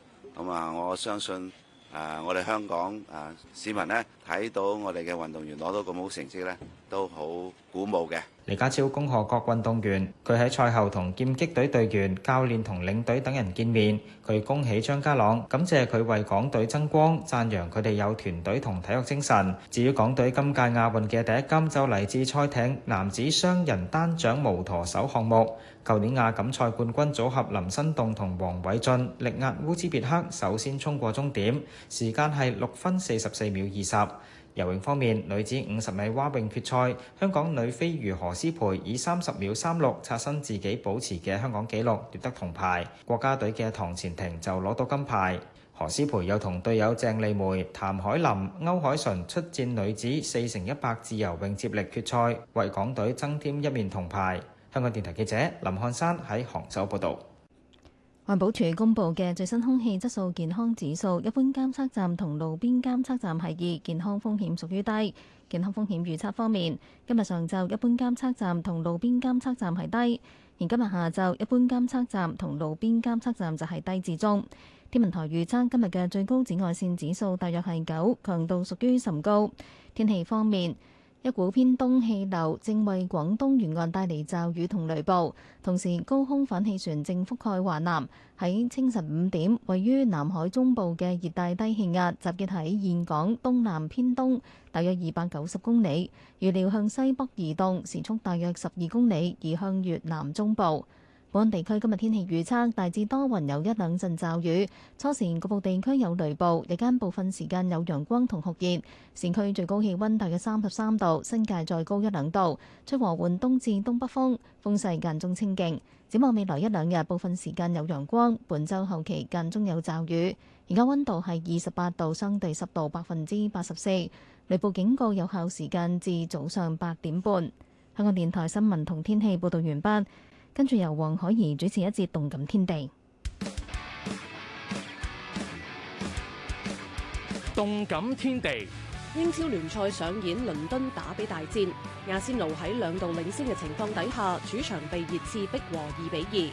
D: 咁啊、嗯！我相信誒、啊，我哋香港誒、啊、市民咧。睇到我哋嘅運動員攞到咁好成績呢，都好鼓舞嘅。
H: 李家超恭賀各運動員，佢喺賽後同劍擊隊隊員、教練同領隊等人見面，佢恭喜張家朗，感謝佢為港隊增光，讚揚佢哋有團隊同體育精神。至於港隊今屆亞運嘅第一金就嚟自賽艇男子雙人單槳無舵手項目，舊年亞錦賽冠軍組合林新棟同黃偉俊力壓烏茲別克，首先衝過終點，時間係六分四十四秒二十。游泳方面，女子五十米蛙泳決賽，香港女飛魚何思培以三十秒三六刷新自己保持嘅香港紀錄奪得銅牌。國家隊嘅唐前婷就攞到金牌。何思培又同隊友鄭麗梅、譚海琳、歐海純出戰女子四乘一百自由泳接力決賽，為港隊增添一面銅牌。香港電台記者林漢山喺杭州報道。
K: 環保署公布嘅最新空氣質素健康指數，一般監測站同路邊監測站係二，健康風險屬於低。健康風險預測方面，今日上晝一般監測站同路邊監測站係低，而今日下晝一般監測站同路邊監測站就係低至中。天文台預測今日嘅最高紫外線指數大約係九，強度屬於甚高。天氣方面。一股偏東氣流正為廣東沿岸帶嚟驟雨同雷暴，同時高空反氣旋正覆蓋華南。喺清晨五點，位於南海中部嘅熱帶低氣壓集結喺香港東南偏東，大約二百九十公里，預料向西北移動，時速大約十二公里，移向越南中部。本地區今日天氣預測，大致多雲有一兩陣驟雨。初時局部地區有雷暴，日間部分時間有陽光同酷熱，市區最高氣溫大約三十三度，新界再高一兩度。吹和緩東至東北風，風勢間中清勁，展望未來一兩日，部分時間有陽光，本週後期間中有驟雨。而家溫度係二十八度，相對濕度，百分之八十四。雷暴警告有效時間至早上八點半。香港電台新聞同天氣報道完畢。跟住由黃海怡主持一節《動感天地》。
G: 《動感天地》，
K: 英
L: 超聯賽上演倫敦打比大戰，阿仙奴喺兩度領先嘅情況底下，主場被熱刺逼和二比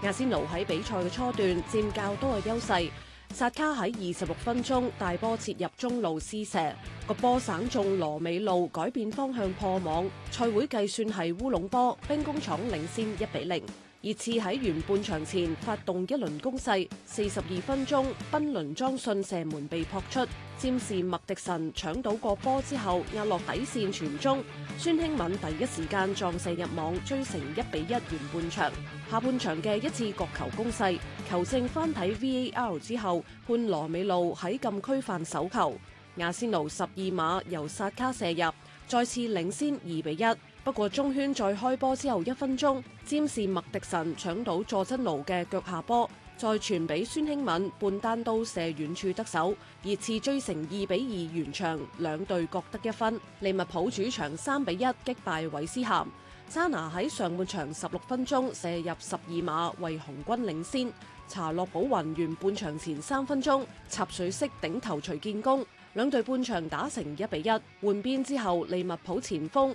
L: 二。阿仙奴喺比賽嘅初段佔較多嘅優勢。薩卡喺二十六分鐘大波切入中路施射，個波省中羅美路改變方向破網，賽會計算係烏龍波，兵工廠領先一比零。熱刺喺完半場前發動一輪攻勢，四十二分鐘，賓倫莊信射門被撲出，佔士麥迪臣搶到個波之後壓落底線傳中，孫興敏第一時間撞射入網，追成一比一完半場。下半場嘅一次角球攻勢，球證翻睇 V A R 之後判羅美路喺禁區犯手球，亞仙奴十二碼由薩卡射入，再次領先二比一。不過，中圈再開波之後一分鐘，詹士麥迪臣搶到佐真奴嘅腳下波，再傳俾孫興敏半單刀射遠處得手，熱刺追成二比二完場，兩隊各得一分。利物浦主場三比一擊敗韋斯咸。沙拿喺上半場十六分鐘射入十二碼，為紅軍領先。查洛寶雲完半場前三分鐘插水式頂頭隨建功，兩隊半場打成一比一。換邊之後，利物浦前鋒。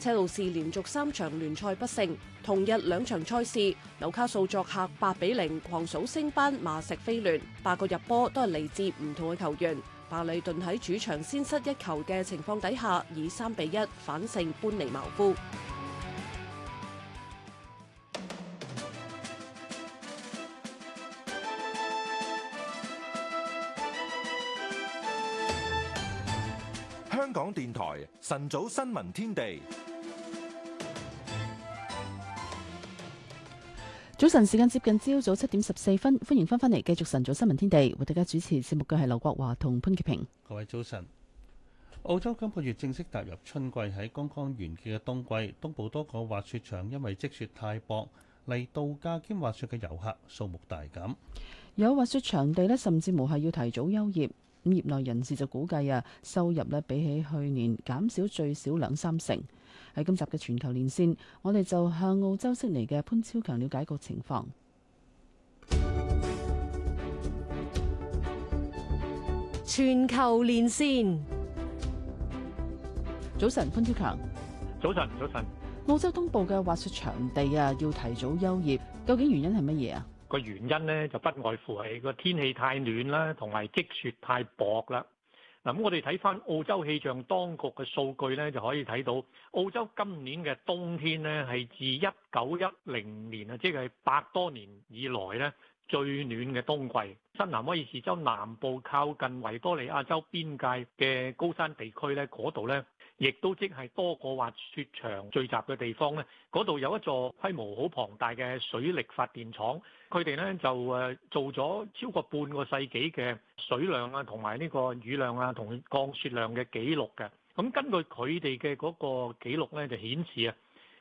L: 車路士連續三場聯賽不勝，同日兩場賽事，紐卡素作客八比零狂掃升班馬錫菲聯，八個入波都係嚟自唔同嘅球員。巴里頓喺主場先失一球嘅情況底下，以三比一反勝搬尼茅夫。
A: 香港電台晨早新聞天地，
C: 早晨時間接近朝早七點十四分，歡迎翻返嚟繼續晨早新聞天地，為大家主持節目嘅係劉國華同潘潔平。
D: 各位早晨，澳洲今個月正式踏入春季，喺剛剛完結嘅冬季，東部多個滑雪場因為積雪太薄，嚟度假兼滑雪嘅遊客數目大減，
C: 有滑雪場地呢，甚至乎係要提早休業。咁業內人士就估計啊，收入呢比起去年減少最少兩三成。喺今集嘅全球連線，我哋就向澳洲悉尼嘅潘超強了解個情況。全球連線，早晨，潘超強。
D: 早
G: 晨，早晨。
C: 澳洲東部嘅滑雪場地啊，要提早休業，究竟原因係乜嘢啊？
G: 個原因咧就不外乎係個天氣太暖啦，同埋積雪太薄啦。嗱，我哋睇翻澳洲氣象當局嘅數據咧，就可以睇到澳洲今年嘅冬天咧係自一九一零年啊，即係百多年以來咧最暖嘅冬季。新南威爾士州南部靠近維多利亞州邊界嘅高山地區咧，嗰度咧。亦都即係多個滑雪場聚集嘅地方，呢嗰度有一座規模好龐大嘅水力發電廠，佢哋呢就誒做咗超過半個世紀嘅水量啊，同埋呢個雨量啊，同降雪量嘅記錄嘅。咁根據佢哋嘅嗰個記錄咧，就顯示啊，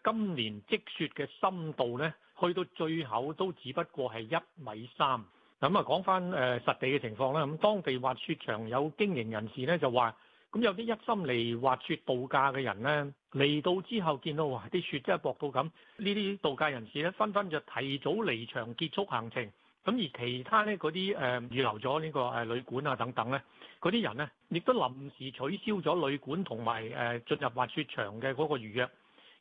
G: 今年積雪嘅深度呢，去到最厚都只不過係一米三。咁啊，講翻誒實地嘅情況啦，咁當地滑雪場有經營人士呢，就話。咁有啲一心嚟滑雪度假嘅人呢，嚟到之後見到哇啲雪真係薄到咁，呢啲度假人士咧紛紛就提早離場結束行程。咁而其他咧嗰啲誒預留咗呢個誒旅館啊等等咧，嗰啲人呢，亦都臨時取消咗旅館同埋誒進入滑雪場嘅嗰個預約。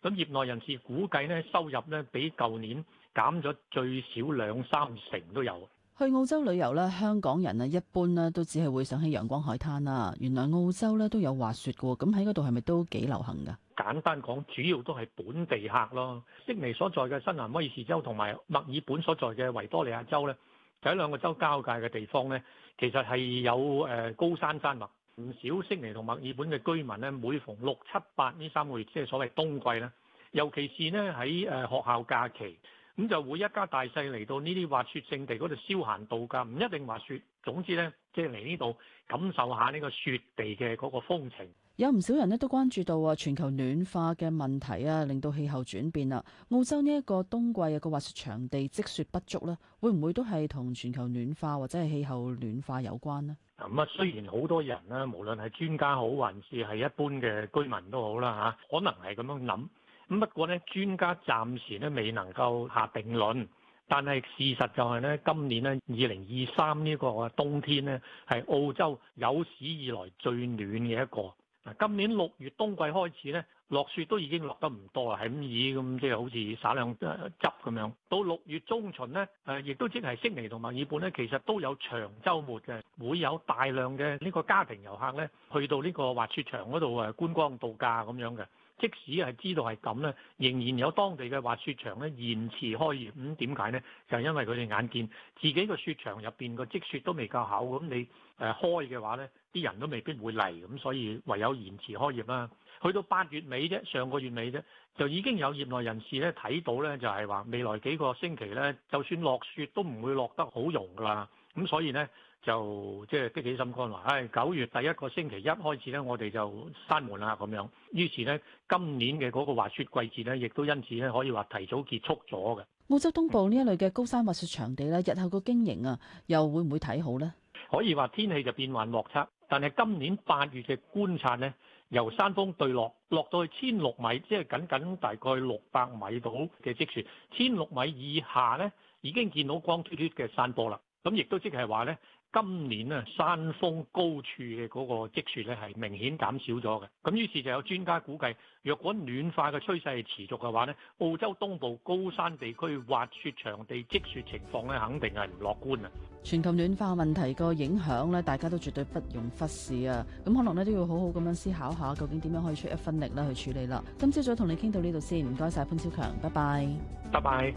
G: 咁業內人士估計咧，收入咧比舊年減咗最少兩三成都有。
C: 去澳洲旅遊咧，香港人啊，一般咧都只係會想起陽光海灘啦。原來澳洲咧都有滑雪嘅喎，咁喺嗰度係咪都幾流行噶？
G: 簡單講，主要都係本地客咯。悉尼所在嘅新南威爾士州同埋墨爾本所在嘅維多利亞州咧，就喺兩個州交界嘅地方咧，其實係有誒高山山脈，唔少悉尼同墨爾本嘅居民咧，每逢六七八呢三個月，即係所謂冬季啦，尤其是咧喺誒學校假期。咁就會一家大細嚟到呢啲滑雪勝地嗰度消閒度假，唔一定滑雪，總之咧，即係嚟呢度感受下呢個雪地嘅嗰個風情。
C: 有唔少人呢都關注到啊，全球暖化嘅問題啊，令到氣候轉變啦。澳洲呢一個冬季嘅個滑雪場地積雪不足咧，會唔會都係同全球暖化或者係氣候暖化有關呢？
G: 咁啊，雖然好多人咧，無論係專家好，還是係一般嘅居民都好啦嚇，可能係咁樣諗。咁不過咧，專家暫時咧未能夠下定論，但係事實就係咧，今年咧二零二三呢個冬天咧，係澳洲有史以來最暖嘅一個。嗱，今年六月冬季開始咧，落雪都已經落得唔多啦，係咁以咁即係好似撒兩執咁樣。到六月中旬咧，誒亦都即係悉尼同埋墨爾本咧，其實都有長週末嘅，會有大量嘅呢個家庭遊客咧，去到呢個滑雪場嗰度誒觀光度假咁樣嘅。即使係知道係咁咧，仍然有當地嘅滑雪場咧延遲開業。咁點解呢？就係因為佢哋眼見自己個雪場入邊個積雪都未夠厚，咁你誒開嘅話呢，啲人都未必會嚟，咁所以唯有延遲開業啦。去到八月尾啫，上個月尾啫，就已經有業內人士咧睇到呢，就係話未來幾個星期呢，就算落雪都唔會落得好融㗎啦。咁所以呢。就即係激起心肝話，唉、哎！九月第一個星期一開始咧，我哋就閂門啦咁樣。於是咧，今年嘅嗰個滑雪季節咧，亦都因此咧可以話提早結束咗嘅。
C: 澳洲東部呢一類嘅高山滑雪場地咧，日後個經營啊，又會唔會睇好咧？
G: 可以話天氣就變幻莫測，但係今年八月嘅觀察咧，由山峰對落落到去千六米，即係僅僅大概六百米度嘅積雪，千六米以下咧已經見到光脱脱嘅山坡啦。咁亦都即係話咧。今年啊，山峰高處嘅嗰個積雪咧係明顯減少咗嘅。咁於是就有專家估計，若果暖化嘅趨勢持續嘅話咧，澳洲東部高山地區滑雪場地積雪情況咧，肯定係唔樂觀啊！
C: 全球暖化問題個影響咧，大家都絕對不容忽視啊！咁可能咧都要好好咁樣思考下，究竟點樣可以出一分力啦去處理啦。今朝早同你傾到呢度先，唔該晒。潘超強，拜拜。
G: 拜拜。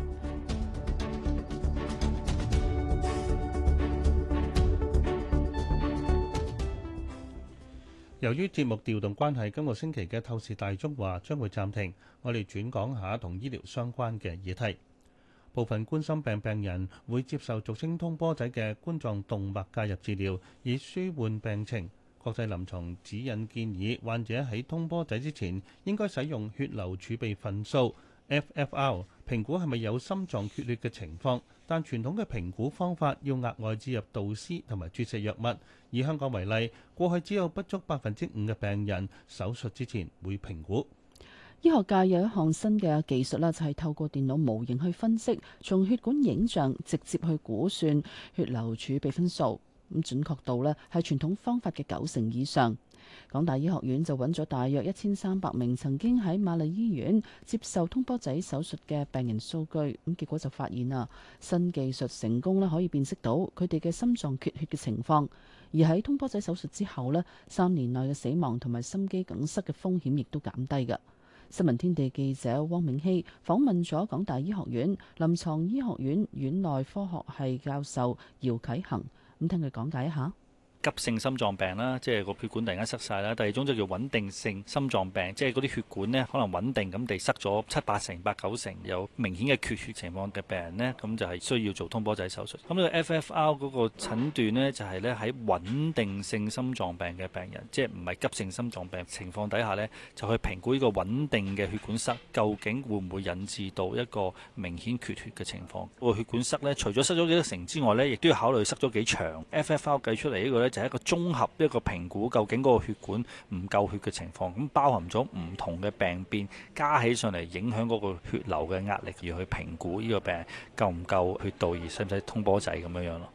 D: 由於節目調動關係，今個星期嘅透視大中華將會暫停，我哋轉講下同醫療相關嘅議題。部分冠心病病人會接受俗稱通波仔嘅冠狀動脈介入治療，以舒緩病情。國際臨床指引建議，患者喺通波仔之前應該使用血流儲備分數。FFR 評估係咪有心臟缺血嘅情況？但傳統嘅評估方法要額外置入導絲同埋注射藥物，以香港為例，過去只有不足百分之五嘅病人手術之前會評估。醫學
C: 界有一項新嘅技術啦，就係透過電腦模型去分析，從血管影像直接去估算血流儲備分數，咁準確度呢係傳統方法嘅九成以上。港大醫學院就搵咗大約一千三百名曾經喺瑪麗醫院接受通波仔手術嘅病人數據，咁結果就發現啦，新技術成功咧可以辨識到佢哋嘅心臟缺血嘅情況，而喺通波仔手術之後咧，三年內嘅死亡同埋心肌梗塞嘅風險亦都減低嘅。新聞天地記者汪明熙訪問咗港大醫學院臨床醫學院院內科學系教授姚啟恒，咁聽佢講解一下。
M: 急性心臟病啦，即係個血管突然間塞晒啦。第二種就叫穩定性心臟病，即係嗰啲血管呢，可能穩定咁地塞咗七八成、八九成有明顯嘅缺血情況嘅病人呢，咁就係需要做通波仔手術。咁呢個 FFR 嗰個診斷呢就係呢喺穩定性心臟病嘅病人，即係唔係急性心臟病情況底下呢，就去評估呢個穩定嘅血管塞究竟會唔會引致到一個明顯缺血嘅情況。個血管塞呢，除咗塞咗幾多成之外呢，亦都要考慮塞咗幾長。FFR 計出嚟呢個呢。就係一個綜合一個評估，究竟嗰個血管唔夠血嘅情況，咁包含咗唔同嘅病變，加起上嚟影響嗰個血流嘅壓力，而去評估呢個病夠唔夠血道，而使唔使通波仔咁樣樣咯。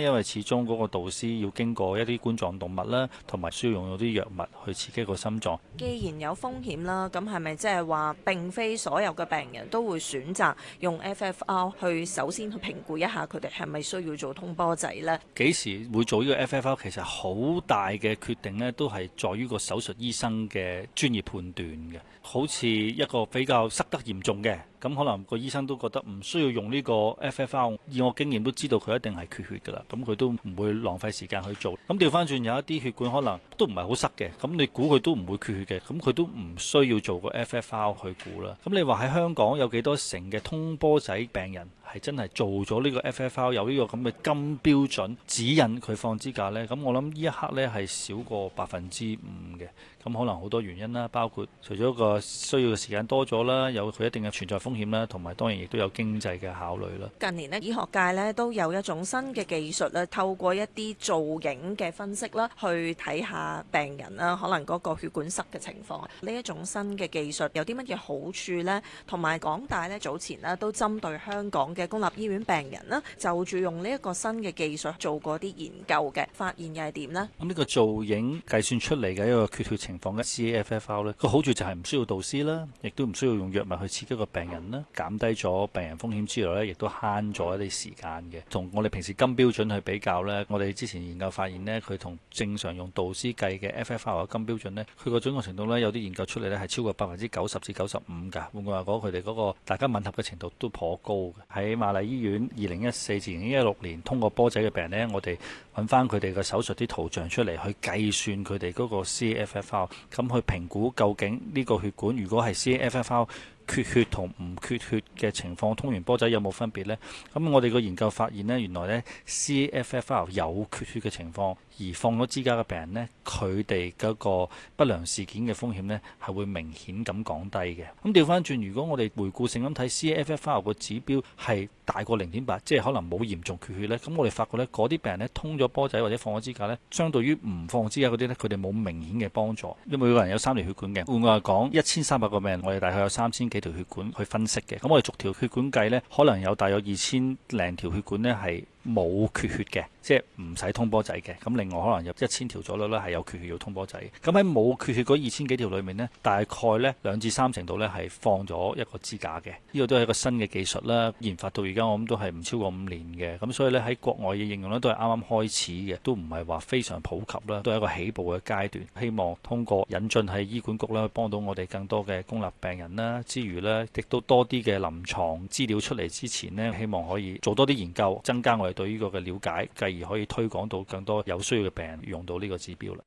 M: 因為始終嗰個導師要經過一啲冠狀動脈啦，同埋需要用到啲藥物去刺激個心臟。
N: 既然有風險啦，咁係咪即係話並非所有嘅病人都會選擇用 FFR 去首先去評估一下佢哋係咪需要做通波仔呢？
M: 幾時會做呢個 FFR？其實好大嘅決定咧，都係在於個手術醫生嘅專業判斷嘅。好似一個比較塞得嚴重嘅。咁可能個醫生都覺得唔需要用呢個 FFR，以我經驗都知道佢一定係缺血㗎啦，咁佢都唔會浪費時間去做。咁調翻轉有一啲血管可能都唔係好塞嘅，咁你估佢都唔會缺血嘅，咁佢都唔需要做個 FFR 去估啦。咁你話喺香港有幾多成嘅通波仔病人？係真係做咗呢個 FFR 有呢個咁嘅金標準指引佢放支架呢？咁我諗呢一刻呢係少過百分之五嘅，咁可能好多原因啦，包括除咗個需要嘅時間多咗啦，有佢一定嘅存在風險啦，同埋當然亦都有經濟嘅考慮啦。
N: 近年呢，醫學界呢都有一種新嘅技術咧，透過一啲造影嘅分析啦，去睇下病人啦，可能嗰個血管塞嘅情況。呢一種新嘅技術有啲乜嘢好處呢？同埋港大呢，早前呢都針對香港嘅公立醫院病人啦，就住用呢一個新嘅技術做過啲研究嘅，發現又係點呢？
M: 咁呢個造影計算出嚟嘅一個缺血情況嘅 CFFR 咧，個好處就係唔需要導師啦，亦都唔需要用藥物去刺激個病人啦，減低咗病人風險之外咧，亦都慳咗一啲時間嘅。同我哋平時金標準去比較咧，我哋之前研究發現呢，佢同正常用導師計嘅 FFR 或金標準咧，佢個準確程度咧，有啲研究出嚟咧係超過百分之九十至九十五㗎。換句話講，佢哋嗰個大家吻合嘅程度都頗高嘅喺。瑪麗醫院二零一四至二零一六年通過波仔嘅病人呢，我哋揾翻佢哋嘅手術啲圖像出嚟，去計算佢哋嗰個 CFFR，咁去評估究竟呢個血管如果係 CFFR 缺血同唔缺血嘅情況，通完波仔有冇分別呢？咁我哋個研究發現呢，原來呢 CFFR 有缺血嘅情況。而放咗支架嘅病人呢，佢哋嗰個不良事件嘅風險呢，係會明顯咁降低嘅。咁調翻轉，如果我哋回顧性咁睇 CFFR 個指標係大過零點八，即係可能冇嚴重缺血呢。咁我哋發覺呢，嗰啲病人呢，通咗波仔或者放咗支架呢，相對於唔放支架嗰啲呢，佢哋冇明顯嘅幫助。因為每個人有三條血管嘅，換句話講，一千三百個病人，我哋大概有三千幾條血管去分析嘅。咁我哋逐條血管計呢，可能有大約二千零條血管呢，係冇缺血嘅。即係唔使通波仔嘅，咁另外可能有一千條左右咧係有缺血要通波仔，咁喺冇缺血嗰二千幾條裏面呢，大概呢兩至三成度呢，係放咗一個支架嘅，呢、呢個都係一個新嘅技術啦，研發到而家我諗都係唔超過五年嘅，咁所以呢，喺國外嘅應用呢，都係啱啱開始嘅，都唔係話非常普及啦，都係一個起步嘅階段。希望通過引進喺醫管局咧，幫到我哋更多嘅公立病人啦，之餘呢，亦都多啲嘅臨床資料出嚟之前呢，希望可以做多啲研究，增加我哋對呢個嘅了解。而可以推廣到更多有需要嘅病人用到呢個指標啦。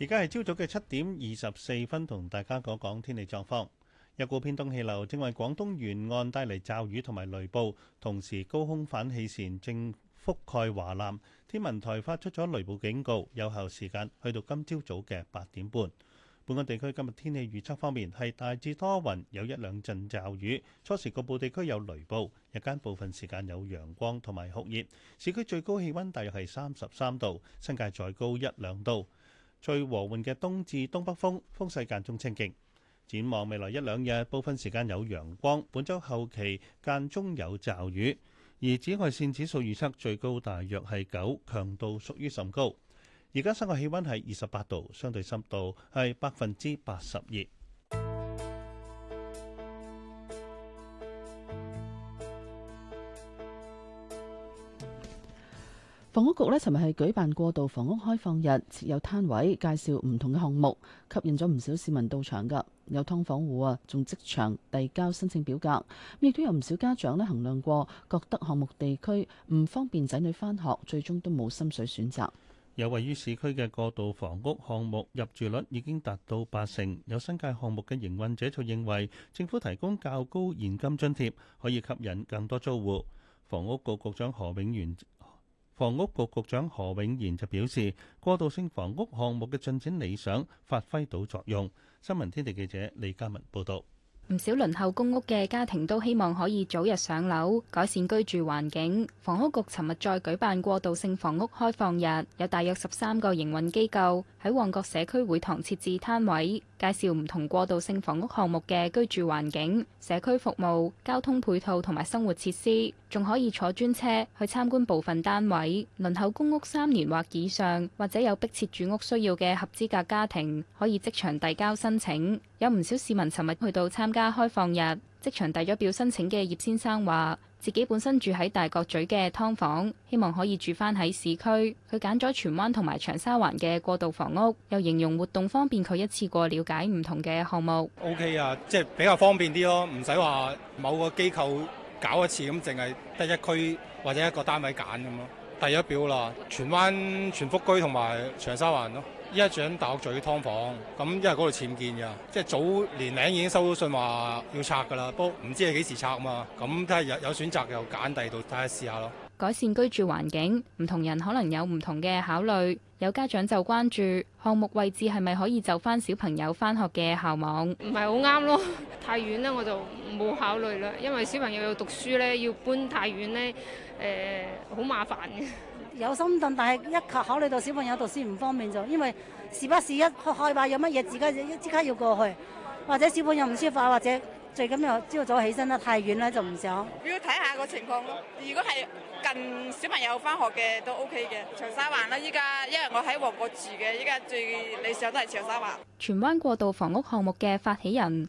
D: 而家係朝早嘅七點二十四分，同大家講講天氣狀況。一股偏東氣流正為廣東沿岸帶嚟驟雨同埋雷暴，同時高空反氣旋正覆蓋華南，天文台發出咗雷暴警告，有效時間去到今朝早嘅八點半。本港地區今日天氣預測方面係大致多雲，有一兩陣驟雨，初時局部地區有雷暴，日間部分時間有陽光同埋酷熱，市區最高氣溫大約係三十三度，新界再高一兩度。最和緩嘅東至東北風風勢間中清勁，展望未來一兩日，部分時間有陽光，本周後期間中有驟雨。而紫外線指數預測最高大約係九，強度屬於甚高。而家室外氣溫係二十八度，相對濕度係百分之八十二。
C: 房屋局呢，尋日係舉辦過渡房屋開放日，設有攤位介紹唔同嘅項目，吸引咗唔少市民到場㗎。有㓥房戶啊，仲即場遞交申請表格。亦都有唔少家長呢，衡量過，覺得項目地區唔方便仔女返學，最終都冇心水選擇。
D: 有位於市區嘅過渡房屋項目入住率已經達到八成，有新界項目嘅營運者就認為政府提供較高現金津貼可以吸引更多租戶。房屋局局長何永賢，房屋局局長何永賢就表示過渡性房屋項目嘅進展理想，發揮到作用。新聞天地記者李嘉文報道。
O: 唔少輪候公屋嘅家庭都希望可以早日上樓，改善居住環境。房屋局尋日再舉辦過渡性房屋開放日，有大約十三個營運機構喺旺角社區會堂設置攤位。介紹唔同過渡性房屋項目嘅居住環境、社區服務、交通配套同埋生活設施，仲可以坐專車去參觀部分單位。輪候公屋三年或以上，或者有迫切住屋需要嘅合資格家庭，可以即場遞交申請。有唔少市民尋日去到參加開放日，即場遞咗表申請嘅葉先生話：自己本身住喺大角咀嘅劏房，希望可以住翻喺市區。佢揀咗荃灣同埋長沙灣嘅過渡房屋，又形容活動方便佢一次過了解唔同嘅項目。O
A: K 啊，即係比較方便啲咯，唔使話某個機構搞一次咁，淨係得一區或者一個單位揀咁咯。第一表啦，荃灣、全福居同埋長沙灣咯。依家住喺大學聚嘅劏房，咁因為嗰度僭建㗎，即係早年領已經收到信話要拆噶啦，不過唔知係幾時拆嘛。咁睇下有有選擇，又揀第二度睇下試下咯。
O: 改善居住環境，唔同人可能有唔同嘅考慮。有家長就關注項目位置係咪可以就翻小朋友翻學嘅校網？唔係好啱咯，太遠啦，我就冇考慮啦。因為小朋友要讀書咧，要搬太遠咧，誒、呃，好麻煩嘅。
N: 有心動，但係一靠考慮到小朋友讀書唔方便咗，因為時不時一開怕有乜嘢，自己一即刻要過去，或者小朋友唔舒服，或者最緊要朝早起身咧太遠咧就唔想。
L: 要睇下個情況，如果係近小朋友返學嘅都 OK 嘅，長沙灣啦，依家因為我喺旺角住嘅，依家最理想都係長沙灣。
O: 荃灣過渡房屋項目嘅發起人。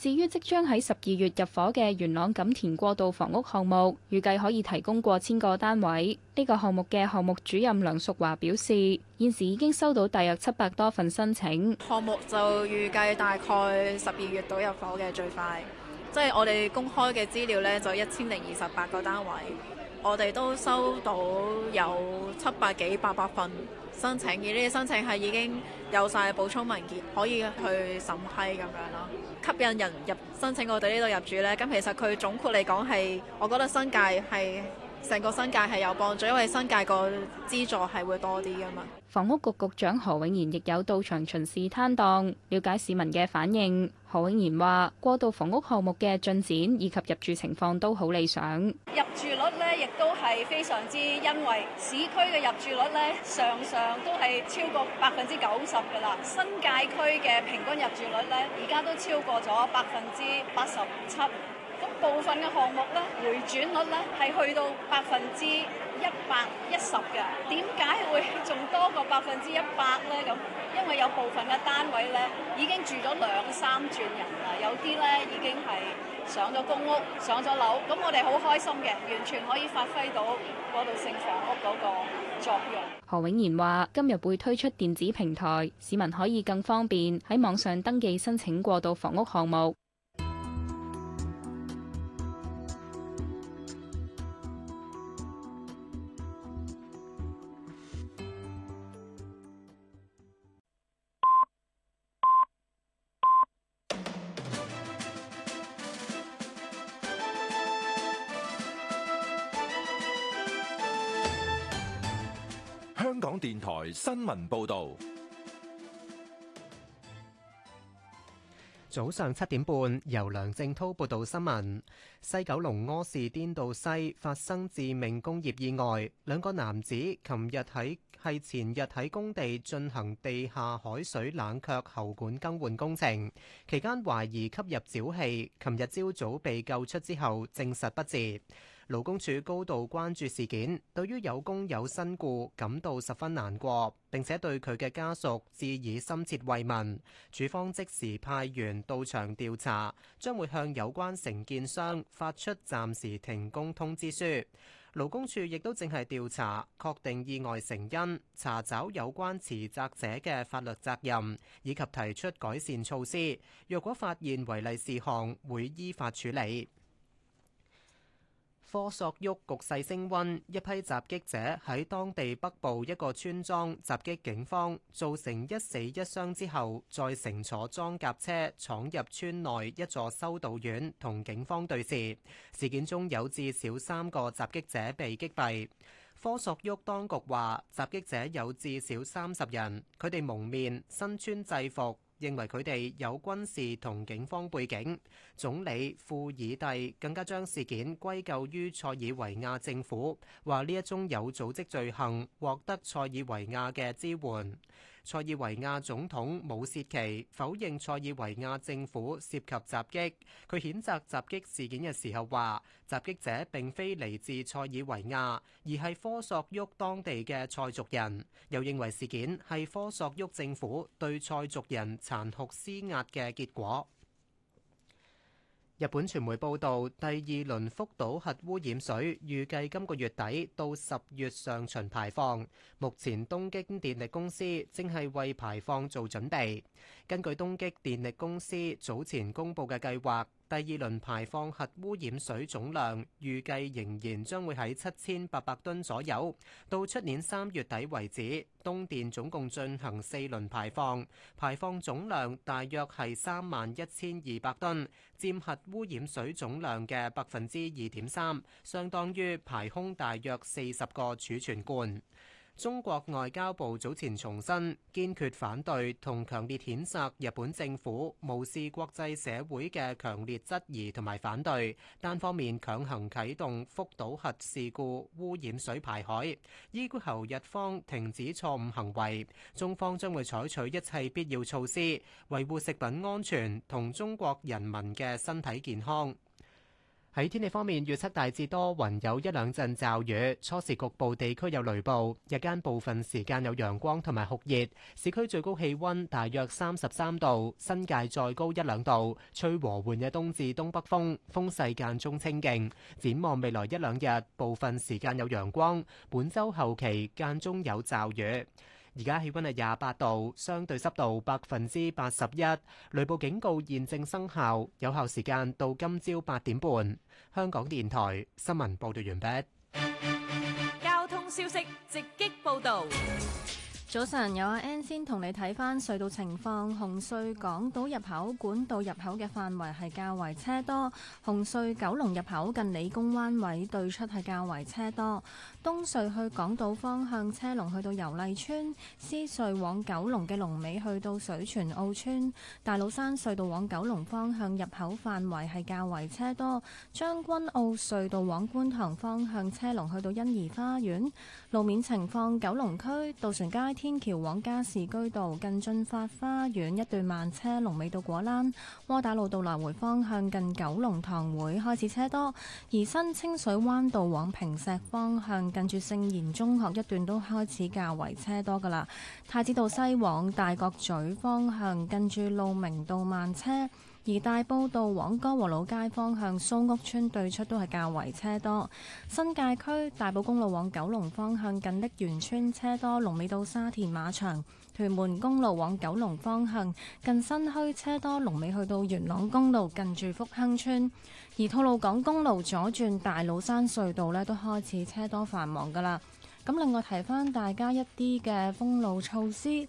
O: 至於即將喺十二月入伙嘅元朗錦田過渡房屋項目，預計可以提供過千個單位。呢個項目嘅項目主任梁淑華表示，現時已經收到大約七百多份申請，項目
E: 就
L: 預計大概十二月度入伙嘅最快。即係我哋公開嘅資料呢，就一千零二十八個單位，我哋都收到有七百幾八百份申請，而呢啲申請係已經有晒補充文件，可以去審批咁樣咯。吸引人入申請我哋呢度入住咧，咁其實佢總括嚟講係我覺得新界係成個新界係有幫助，因為新界個資助係會多啲噶嘛。
O: 房屋局局長何永賢亦有到場巡視攤檔，了解市民嘅反應。何永賢話，過渡房屋項目嘅進展以及入住情況都好理想。
L: 入住率呢亦都係非常之，因為市區嘅入住率呢常常都係超過百分之九十噶啦。新界區嘅平均入住率呢而家都超過咗百分之八十七。咁部分嘅項目呢，回轉率呢係去到百分之。一百一十嘅，點解會仲多過百分之一百咧？咁因為有部分嘅單位咧，已經住咗兩三轉人啦，有啲咧已經係上咗公屋、上咗樓，咁我哋好開心嘅，完全可以發揮到過渡性房屋嗰個作
O: 用。何永賢話今日會推出電子平台，市民可以更方便喺網上登記申請過渡房屋項目。
A: 新聞報道。
B: 早上七點半，由梁正滔報道新聞。西九龍柯士甸道西發生致命工業意外，兩個男子琴日喺係前日喺工地進行地下海水冷卻喉管更換工程，期間懷疑吸入沼氣，琴日朝早被救出之後證實不治。勞工處高度關注事件，對於有工友身故感到十分難過，並且對佢嘅家屬致以深切慰問。處方即時派員到場調查，將會向有關承建商發出暫時停工通知書。勞工處亦都正係調查，確定意外成因，查找有關遲責者嘅法律責任，以及提出改善措施。若果發現違例事項，會依法處理。科索沃局勢升温，一批襲擊者喺當地北部一個村莊襲擊警方，造成一死一傷之後，再乘坐裝甲車闖入村內一座修道院，同警方對峙。事件中有至少三個襲擊者被擊斃。科索沃當局話，襲擊者有至少三十人，佢哋蒙面，身穿制服。認為佢哋有軍事同警方背景，總理庫爾蒂更加將事件歸咎於塞爾維亞政府，話呢一宗有組織罪行獲得塞爾維亞嘅支援。塞爾維亞總統武契奇否認塞爾維亞政府涉及襲擊，佢譴責襲擊事件嘅時候話：襲擊者並非嚟自塞爾維亞，而係科索沃當地嘅塞族人，又認為事件係科索沃政府對塞族人殘酷施壓嘅結果。日本傳媒報道，第二輪福島核污染水預計今個月底到十月上旬排放。目前東京電力公司正係為排放做準備。根據東京電力公司早前公布嘅計劃。第二輪排放核污染水總量，預計仍然將會喺七千八百噸左右。到出年三月底為止，東電總共進行四輪排放，排放總量大約係三萬一千二百噸，佔核污染水總量嘅百分之二點三，相當於排空大約四十個儲存罐。中國外交部早前重申，堅決反對同強烈譴責日本政府無視國際社會嘅強烈質疑同埋反對，單方面強行啟動福島核事故污染水排海。要求日方停止錯誤行為，中方將會採取一切必要措施，維護食品安全同中國人民嘅身體健康。喺天氣方面，預測大致多雲，有一兩陣驟雨，初時局部地區有雷暴，日間部分時間有陽光同埋酷熱，市區最高氣温大約三十三度，新界再高一兩度，吹和緩嘅東至東北風，風勢間中清勁。展望未來一兩日，部分時間有陽光，本周後期間中有驟雨。而家氣溫係廿八度，相對濕度百分之八十一，雷暴警告現正生效，有效時間到今朝八點半。香港電台新聞報導完畢。
I: 交
B: 通消息直擊報導。
I: 早晨，有阿 N 先同你睇翻隧道情況。紅隧港島入口管道入口嘅範圍係較為車多。紅隧九龍入口近理工灣位對出係較為車多。東隧去港島方向車龍去到油麗村。獅隧往九龍嘅龍尾去到水泉澳村。大老山隧道往九龍方向入口範圍係較為車多。將軍澳隧道往觀塘方向車龍去到欣怡花園。路面情況：九龍區渡船街天橋往加士居道近駿發花園一段慢車，龍尾到果欄；窩打老道來回方向近九龍塘會開始車多，而新清水灣道往坪石方向近住聖賢中學一段都開始較為車多㗎喇。太子道西往大角咀方向近住路明道慢車。而大埔道往歌和老街方向，蘇屋村對出都係較為車多；新界區大埔公路往九龍方向，近瀝源村車多，龍尾到沙田馬場；屯門公路往九龍方向，近新墟車多，龍尾去到元朗公路近住福亨村；而吐露港公路左轉大老山隧道呢都開始車多繁忙㗎啦。咁另外提翻大家一啲嘅封路措施。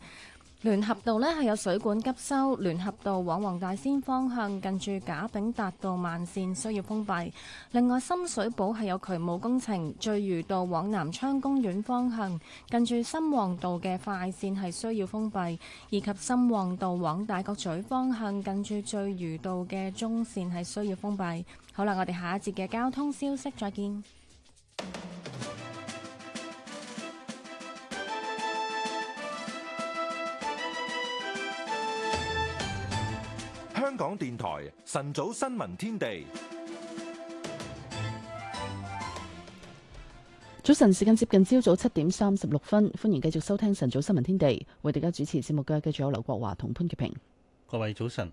I: 聯合道呢係有水管急修，聯合道往黃大仙方向近住賈炳達道慢線需要封閉。另外，深水埗係有渠務工程，聚漁道往南昌公園方向近住深旺道嘅快線係需要封閉，以及深旺道往大角咀方向近住聚漁道嘅中線係需要封閉。好啦，我哋下一節嘅交通消息再見。
A: 香港電台晨早新聞天地。
C: 早晨，時間接近朝早七點三十六分，歡迎繼續收聽晨早新聞天地，為大家主持節目嘅繼續有劉國華同潘潔平。
D: 各位早晨。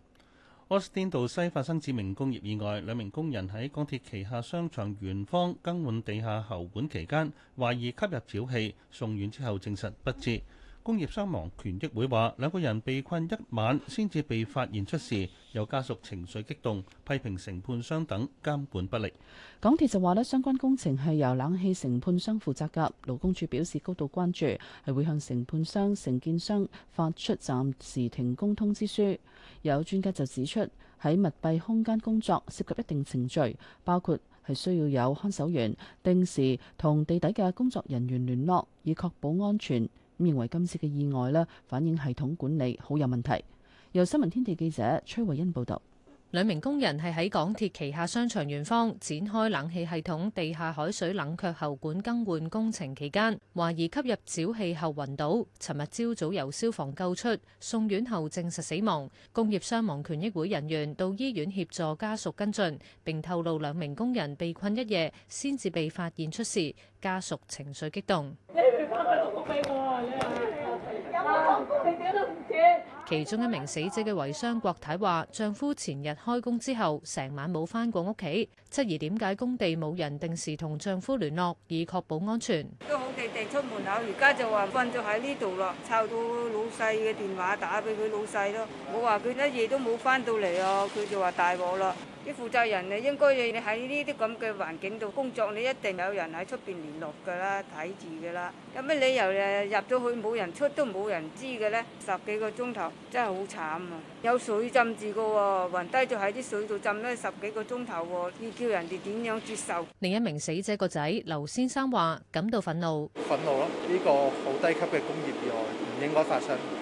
D: 柯士甸道西發生致命工業意外，兩名工人喺港鐵旗下商場圓方更換地下喉管期間，懷疑吸入沼氣，送院之後證實不治。工業傷亡權益會話：兩個人被困一晚，先至被發現出事，有家屬情緒激動，批評承判商等監管不力。
C: 港鐵就話呢相關工程係由冷氣承判商負責㗎。勞工處表示高度關注，係會向承判商、承建商發出暫時停工通知書。有專家就指出，喺密閉空間工作涉及一定程序，包括係需要有看守員，定時同地底嘅工作人員聯絡，以確保安全。咁認為今次嘅意外咧，反映系統管理好有問題。由新聞天地記者崔慧欣報道。
J: 主持人:兩名工人係喺港鐵旗下商場園方展開冷氣系統地下海水冷卻喉管更換工程期間，懷疑吸入沼氣後暈倒，尋日朝早由消防救出，送院後證實死亡。工業傷亡權益會人員到醫院協助家屬跟進，並透露兩名工人被困一夜，先至被發現出事，家屬情緒激動。其中一名死者嘅遺孀郭太話，丈夫前日開工之後，成晚冇翻過屋企，質疑點解工地冇人定時同丈夫聯絡，以確保安全。
O: 都好地地出門口，而家就話瞓咗喺呢度啦，抄到老細嘅電話打俾佢老細咯。我話佢一夜都冇翻到嚟啊，佢就話大鑊啦。啲負責人啊，應該你喺呢啲咁嘅環境度工作，你一定有人喺出邊聯絡噶啦，睇住噶啦。有乜理由誒入咗去冇人出都冇人知嘅咧？十幾個鐘頭。真係好慘啊！有水浸住個喎，暈低就喺啲水度浸咗十幾個鐘頭喎，要叫人哋點樣接受？
J: 另一名死者個仔劉先生話感到憤怒，
O: 憤怒咯！呢個好
G: 低級嘅工業意外唔應該發生。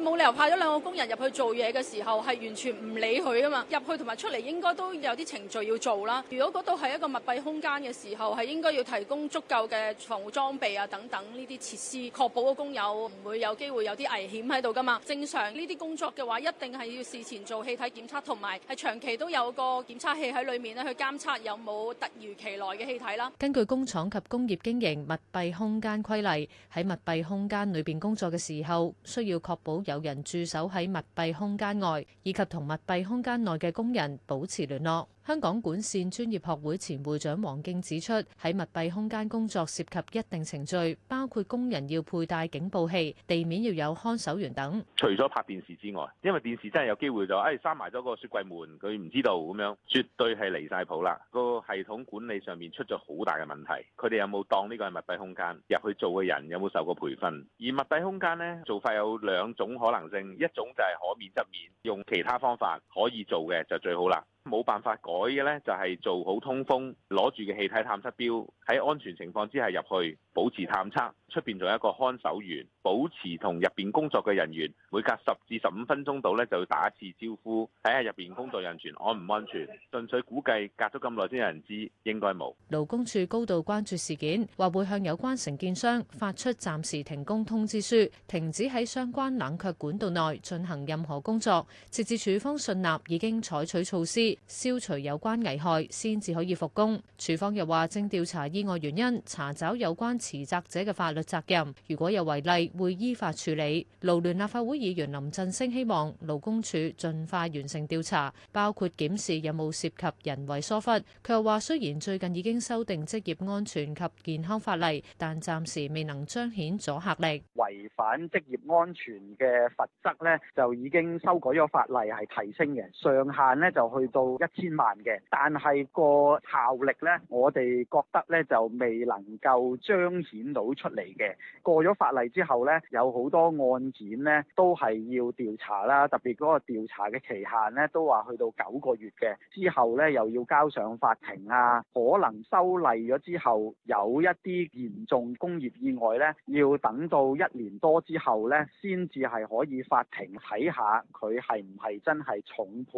L: 冇理由派咗兩個工人入去做嘢嘅時候，係完全唔理佢啊嘛！入去同埋出嚟應該都有啲程序要做啦。如果嗰度係一個密閉空間嘅時候，係應該要提供足夠嘅防護裝備啊等等呢啲設施，確保個工友唔會有機會有啲危險喺度㗎嘛。正常呢啲工作嘅話，一定係要事前做氣體檢測，同埋係長期都有個檢測器喺裏面咧去監測有冇突如其來嘅氣體啦。
J: 根據工廠及工業經營密閉空間規例，喺密閉空間裏邊工作嘅時候，需要確保有人駐守喺密閉空間外，以及同密閉空間內嘅工人保持聯絡。香港管綫專業學會前會長黃敬指出，喺密閉空間工作涉及一定程序，包括工人要佩戴警報器、地面要有看守員等。
G: 除咗拍電視之外，因為電視真係有機會就誒閂埋咗個雪櫃門，佢唔知道咁樣，絕對係離晒譜啦。個系統管理上面出咗好大嘅問題，佢哋有冇當呢個係密閉空間？入去做嘅人有冇受過培訓？而密閉空間呢，做法有兩種可能性，一種就係可免則免，用其他方法可以做嘅就最好啦。冇辦法改嘅呢，就係做好通風，攞住嘅氣體探測標喺安全情況之下入去保持探測。出邊仲有一個看守員，保持同入邊工作嘅人員每隔十至十五分鐘度呢，就要打一次招呼，睇下入邊工作人員安唔安全。純粹估計隔咗咁耐先有人知，應該冇。
J: 勞工處高度關注事件，話會向有關承建商發出暫時停工通知書，停止喺相關冷卻管道內進行任何工作。直至處方信納已經採取措施。消除有關危害先至可以復工。處方又話正調查意外原因，查找有關持責者嘅法律責任。如果有違例，會依法處理。勞聯立法會議員林振昇希望勞工處盡快完成調查，包括檢視有冇涉及人為疏忽。佢又話：雖然最近已經修訂職業安全及健康法例，但暫時未能彰顯阻嚇力。違
G: 反職業安全嘅罰則呢，就已經修改咗法例係提升嘅上限呢，就去到到一千萬嘅，但係個效力咧，我哋覺得咧就未能夠彰顯到出嚟嘅。過咗法例之後咧，有好多案件咧都係要調查啦，特別嗰個調查嘅期限咧都話去到九個月嘅，之後咧又要交上法庭啊。可能修例咗之後，有一啲嚴重工業意外咧，要等到一年多之後咧，先至係可以法庭睇下佢係唔係真係重判，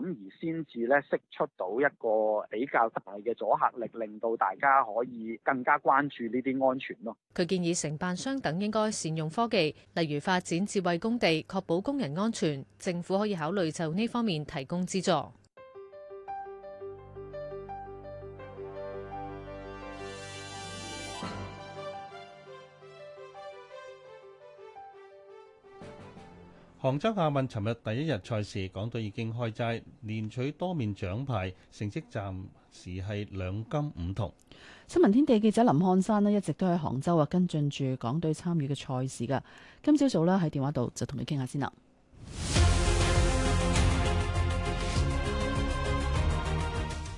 G: 咁而先。因此咧，釋出到一個比較大嘅阻嚇力，令到大家可以更加關注呢啲安全咯。
J: 佢建議承辦商等應該善用科技，例如發展智慧工地，確保工人安全。政府可以考慮就呢方面提供資助。
D: 杭州亞運尋日第一日賽事，港隊已經開齋，連取多面獎牌，成績暫時係兩金五銅。
C: 新聞天地記者林漢山呢，一直都喺杭州啊，跟進住港隊參與嘅賽事噶。今朝早呢，喺電話度就同你傾下先啦。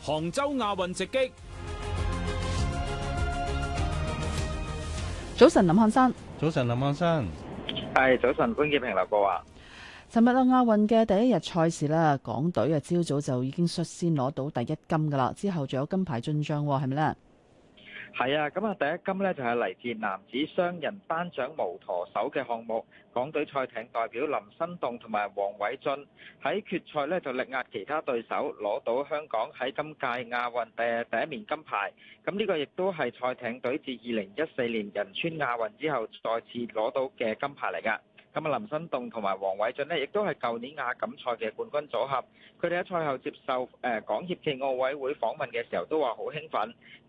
A: 杭州亞運直擊。
C: 早晨，林漢山。
P: 早晨，林漢山。係，早晨，潘建平劉國華。
C: 尋日啊，亞運嘅第一日賽事啦，港隊啊，朝早就已經率先攞到第一金噶啦，之後仲有金牌進賬喎，係咪呢？
P: 係啊，咁啊，第一金呢，就係嚟自男子雙人單槳無舵手嘅項目，港隊賽艇代表林新棟同埋黃偉俊喺決賽呢，就力壓其他對手攞到香港喺今屆亞運嘅第一面金牌，咁呢個亦都係賽艇隊自二零一四年仁川亞運之後再次攞到嘅金牌嚟噶。咁啊，林新棟同埋王偉俊咧，亦都係舊年亞錦賽嘅冠軍組合。佢哋喺賽後接受誒港協暨奧委會訪問嘅時候，都話好興奮。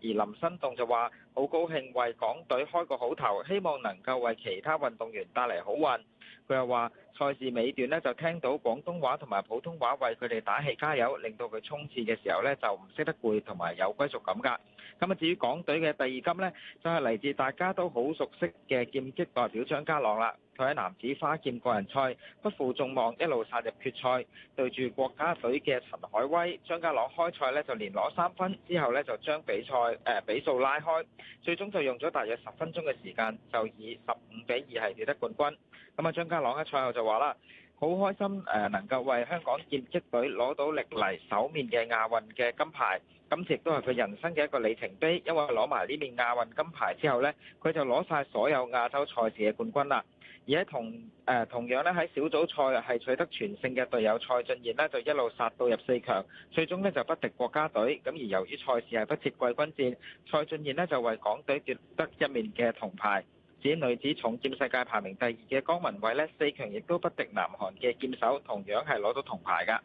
P: 而林新棟就話好高興為港隊開個好頭，希望能夠為其他運動員帶嚟好運。佢又話。賽事尾段呢，就聽到廣東話同埋普通話為佢哋打氣加油，令到佢衝刺嘅時候呢，就唔識得攰同埋有歸屬感㗎。咁啊，至於港隊嘅第二金呢，就係、是、嚟自大家都好熟悉嘅劍擊代表張家朗啦。佢喺男子花劍個人賽不負眾望，一路殺入決賽，對住國家隊嘅陳海威，張家朗開賽呢，就連攞三分，之後呢，就將比賽誒、呃、比數拉開，最終就用咗大約十分鐘嘅時間就以十五比二係奪得冠軍。咁啊，張家朗喺賽後就話話啦，好開心誒，能夠為香港劍擊隊攞到歷嚟首面嘅亞運嘅金牌，今次亦都係佢人生嘅一個里程碑，因為攞埋呢面亞運金牌之後呢，佢就攞晒所有亞洲賽事嘅冠軍啦。而喺同誒同樣咧喺小組賽係取得全勝嘅隊友蔡俊賢呢，就一路殺到入四強，最終呢就不敵國家隊。咁而由於賽事係不設季軍戰，蔡俊賢呢就為港隊奪得一面嘅銅牌。指女子重劍世界排名第二嘅江文慧呢四強亦都不敵南韓嘅劍手，同樣係攞到銅牌㗎。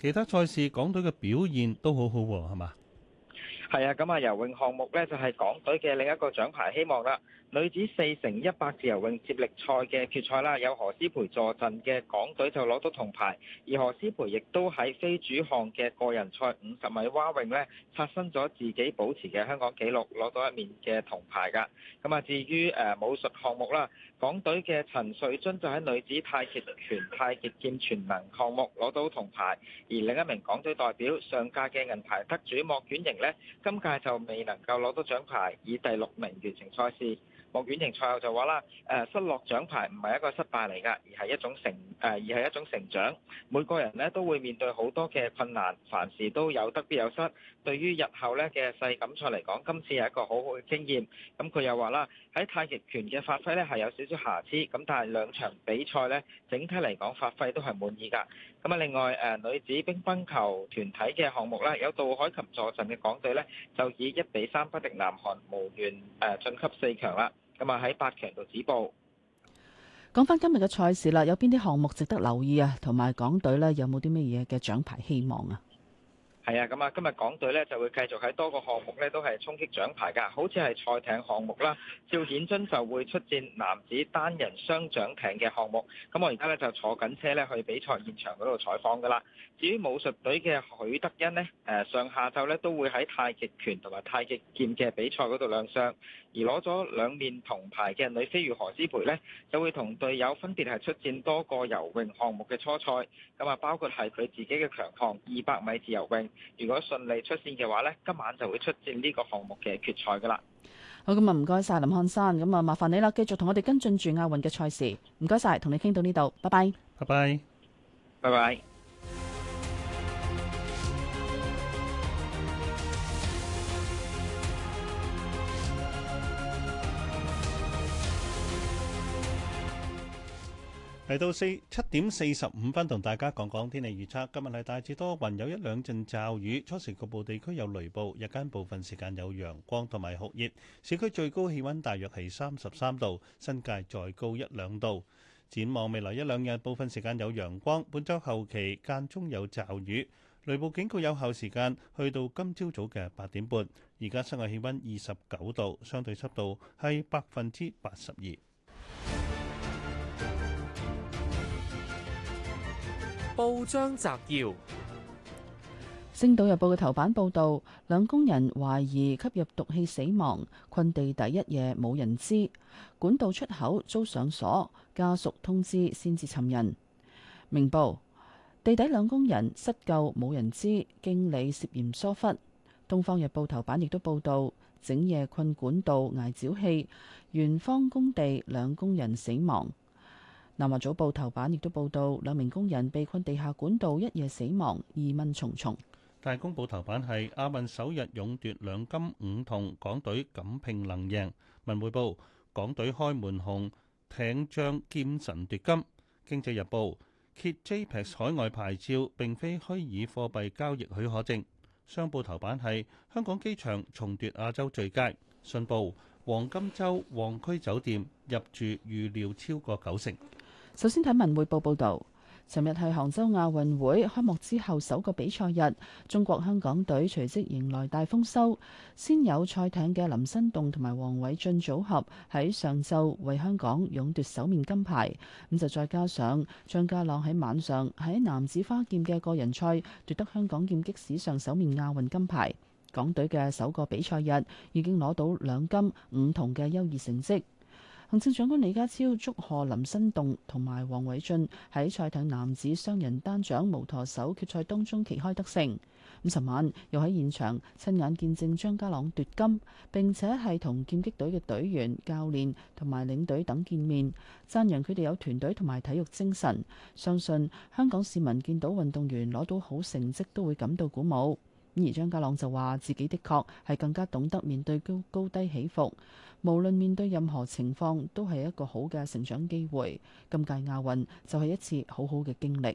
D: 其他賽事港隊嘅表現都好好喎，係嘛？
P: 係啊，咁啊，游泳項目呢就係港隊嘅另一個獎牌希望啦。女子四乘一百自由泳接力賽嘅決賽啦，有何詩蓓助陣嘅港隊就攞到銅牌，而何詩蓓亦都喺非主項嘅個人賽五十米蛙泳咧刷新咗自己保持嘅香港紀錄，攞到一面嘅銅牌噶。咁啊，至於誒武術項目啦，港隊嘅陳瑞津就喺女子太極拳、太極劍全能項目攞到銅牌，而另一名港隊代表上屆嘅銀牌得主莫婉瑩咧，今屆就未能夠攞到獎牌，以第六名完成賽事。莫婉婷賽後就話啦，誒、呃，失落獎牌唔係一個失敗嚟噶，而係一種成，誒、呃，而係一種成長。每個人咧都會面對好多嘅困難，凡事都有得必有失。對於日後咧嘅世錦賽嚟講，今次係一個好好嘅經驗。咁佢又話啦，喺太極拳嘅發揮咧係有少少瑕疵，咁但係兩場比賽呢，整體嚟講發揮都係滿意噶。咁啊，另外誒、呃、女子乒乓球團體嘅項目咧，有杜凱琹坐鎮嘅港隊咧，就以一比三不敵南韓，無緣誒、呃、晉級四強啦。咁啊，喺八強度止步。
C: 講翻今日嘅賽事啦，有邊啲項目值得留意啊？同埋港隊咧有冇啲咩嘢嘅獎牌希望啊？
P: 係啊，咁啊，今日港隊咧就會繼續喺多個項目咧都係衝擊獎牌噶，好似係賽艇項目啦，趙顯津就會出戰男子單人雙槳艇嘅項目。咁我而家咧就坐緊車咧去比賽現場嗰度採訪噶啦。至於武術隊嘅許德恩呢，誒、呃、上下晝咧都會喺太極拳同埋太極劍嘅比賽嗰度亮相。而攞咗兩面銅牌嘅女飛魚何詩蓓呢，就會同隊友分別係出戰多個游泳項目嘅初賽，咁啊包括係佢自己嘅強項二百米自由泳。如果順利出線嘅話呢，今晚就會出戰呢個項目嘅決賽㗎啦。
C: 好，咁啊，唔該晒林漢生，咁啊麻煩你啦，繼續同我哋跟進住亞運嘅賽事。唔該晒，同你傾到呢度，拜拜。
P: 拜拜，拜拜。拜拜。
D: 嚟到四七點四十五分，同大家講講天氣預測。今日係大致多雲，有一兩陣驟雨，初時局部地區有雷暴，日間部分時間有陽光同埋酷熱。市區最高氣温大約係三十三度，新界再高一兩度。展望未來一兩日，部分時間有陽光，本週後期間中有驟雨，雷暴警告有效時間去到今朝早嘅八點半。而家室外氣温二十九度，相對濕度係百分之八十二。
J: 報章
G: 摘要，
C: 《星島日報》嘅頭版報道，兩工人懷疑吸入毒氣死亡，困地底一夜冇人知，管道出口遭上鎖，家屬通知先至尋人。明報，地底兩工人失救冇人知，經理涉嫌疏忽。《東方日報》頭版亦都報道，整夜困管道捱沼氣，元芳工地兩工人死亡。南華早報頭版亦都報導，兩名工人被困地下管道一夜死亡，疑問重重。
D: 大公報頭版係亞運首日勇奪兩金五銅，港隊錦鵬能贏。文匯報，港隊開門紅，艇將劍神奪金。經濟日報，揭 JPEX 海外牌照並非虛擬貨幣交易許可證。商報頭版係香港機場重奪亞洲最佳。信報，黃金週旺區酒店入住預料超過九成。
C: 首先睇文匯報報道，尋日係杭州亞運會開幕之後首個比賽日，中國香港隊隨即迎來大豐收，先有賽艇嘅林新棟同埋黃偉俊組合喺上晝為香港勇奪首面金牌，咁就再加上張家朗喺晚上喺男子花劍嘅個人賽奪得香港劍擊史上首面亞運金牌，港隊嘅首個比賽日已經攞到兩金五銅嘅優異成績。行政長官李家超祝賀林新棟同埋黃偉俊喺賽艇男子雙人單槳無舵手決賽當中旗開得勝。咁，尋晚又喺現場親眼見證張家朗奪金，並且係同劍擊隊嘅隊員、教練同埋領隊等見面，讚揚佢哋有團隊同埋體育精神。相信香港市民見到運動員攞到好成績，都會感到鼓舞。而張家朗就話：自己的確係更加懂得面對高高低起伏，無論面對任何情況，都係一個好嘅成長機會。今屆亞運就係一次好好嘅經歷。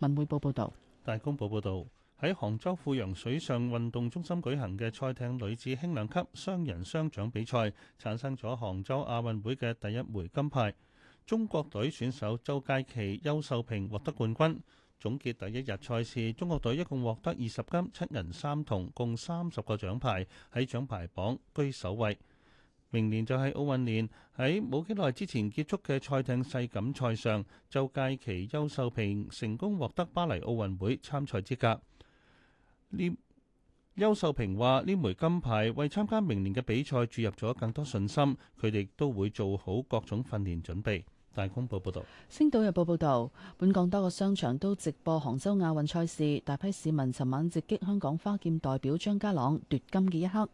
C: 文匯報報導，
D: 大公報報導，喺杭州富陽水上運動中心舉行嘅賽艇女子輕量級雙人雙槳比賽，產生咗杭州亞運會嘅第一枚金牌。中國隊選手周佳琪、邱秀萍獲得冠軍。總結第一日賽事，中國隊一共獲得二十金、七銀、三銅，共三十個獎牌，喺獎牌榜居首位。明年就係奧運年，喺冇幾耐之前結束嘅賽艇世錦賽上，就屆其邱秀平成功獲得巴黎奧運會參賽資格。邱秀平話：呢枚金牌為參加明年嘅比賽注入咗更多信心，佢哋都會做好各種訓練準備。大公報報道，
C: 《星島日報》報道，本港多個商場都直播杭州亞運賽事，大批市民尋晚直擊香港花劍代表張家朗奪金嘅一刻，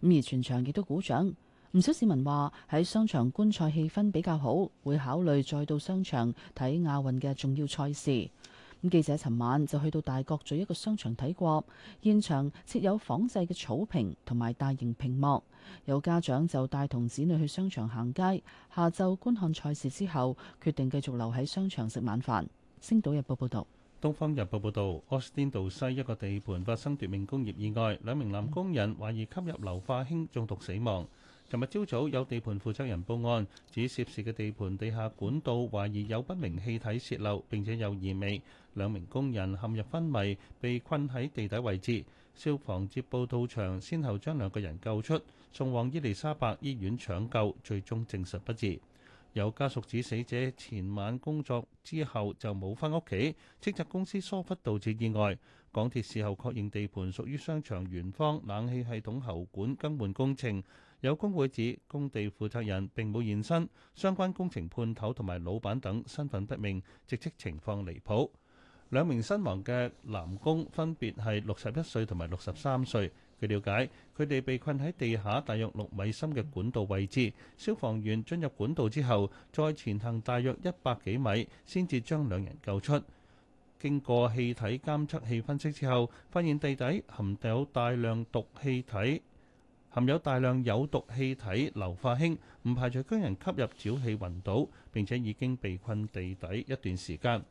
C: 咁而全場亦都鼓掌。唔少市民話喺商場觀賽氣氛比較好，會考慮再到商場睇亞運嘅重要賽事。咁記者尋晚就去到大角咀一個商場睇過，現場設有仿製嘅草坪同埋大型屏幕，有家長就帶同子女去商場行街。下晝觀看賽事之後，決定繼續留喺商場食晚飯。星島日報報道。
D: 東方日報報道，奧斯汀道西一個地盤發生奪命工業意外，兩名男工人懷疑吸入硫化氫中毒死亡。尋日朝早有地盤負責人報案，指涉事嘅地盤地下管道懷疑有不明氣體泄漏，並且有異味，兩名工人陷入昏迷，被困喺地底位置。消防接報到場，先後將兩個人救出，送往伊麗莎白醫院搶救，最終證實不治。有家屬指死者前晚工作之後就冇翻屋企，斥責公司疏忽導致意外。港鐵事後確認地盤屬於商場圓方冷氣系統喉管更換工程。有工會指工地負責人並冇現身，相關工程判頭同埋老闆等身份不明，直即情況離譜。兩名身亡嘅男工分別係六十一歲同埋六十三歲。據了解，佢哋被困喺地下大約六米深嘅管道位置，消防員進入管道之後，再前行大約一百幾米，先至將兩人救出。經過氣體監測器分析之後，發現地底含有大量毒氣體。含有大量有毒氣體硫化氫，唔排除工人吸入沼氣暈倒，並且已經被困地底一段時間。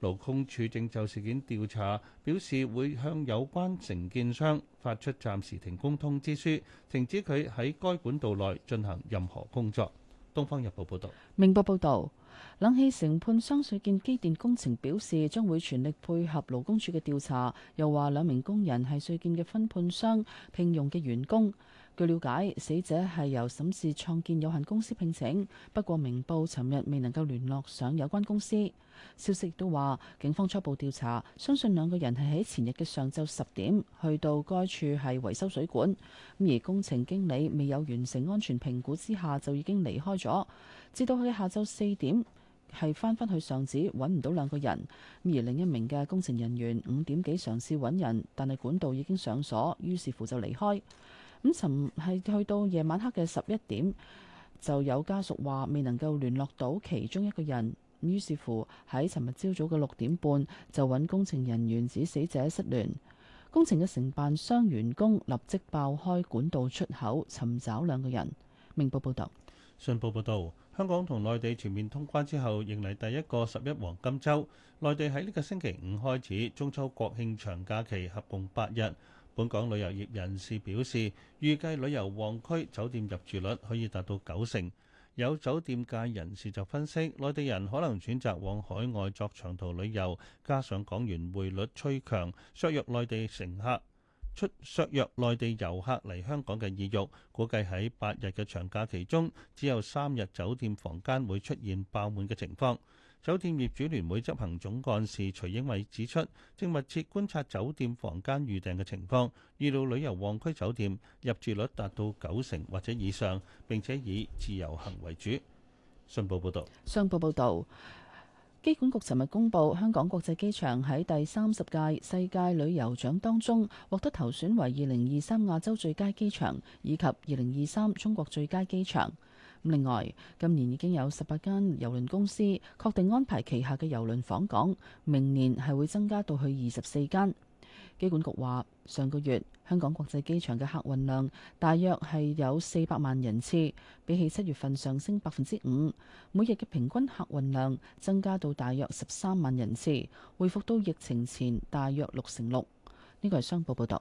D: 勞工處正就事件調查，表示會向有關承建商發出暫時停工通知書，停止佢喺該管道內進行任何工作。東方日報報道，
C: 明報報道，冷氣承判商水建機電工程表示將會全力配合勞工處嘅調查，又話兩名工人係水建嘅分判商聘用嘅員工。據了解，死者係由沈氏創建有限公司聘請，不過明報尋日未能夠聯絡上有關公司。消息亦都話，警方初步調查，相信兩個人係喺前日嘅上晝十點去到該處係維修水管，而工程經理未有完成安全評估之下就已經離開咗。至到佢喺下晝四點係翻返去上址揾唔到兩個人，而另一名嘅工程人員五點幾嘗試揾人，但係管道已經上鎖，於是乎就離開。咁，尋係去到夜晚黑嘅十一點，就有家屬話未能夠聯絡到其中一個人。於是乎喺尋日朝早嘅六點半，就揾工程人員指死者失聯。工程嘅承辦商員工立即爆開管道出口，尋找兩個人。明報報道，
D: 信報報道，香港同內地全面通關之後迎嚟第一個十一黃金周。內地喺呢個星期五開始中秋國慶長假期，合共八日。本港旅遊業人士表示，預計旅遊旺區酒店入住率可以達到九成。有酒店界人士就分析，內地人可能選擇往海外作長途旅遊，加上港元匯率趨強，削弱內地乘客，出削弱內地遊客嚟香港嘅意欲。估計喺八日嘅長假期中，只有三日酒店房間會出現爆滿嘅情況。酒店業主聯會執行總幹事徐英偉指出，正密切觀察酒店房間預訂嘅情況，遇到旅遊旺區酒店入住率達到九成或者以上，並且以自由行為主。信報報道，商報報道，
C: 機管局尋日公布，香港國際機場喺第三十屆世界旅遊獎當中，獲得投選為二零二三亞洲最佳機場以及二零二三中國最佳機場。另外，今年已經有十八間郵輪公司確定安排旗下嘅郵輪訪港，明年係會增加到去二十四間。機管局話，上個月香港國際機場嘅客運量大約係有四百萬人次，比起七月份上升百分之五，每日嘅平均客運量增加到大約十三萬人次，回復到疫情前大約六成六。呢個係商報報道，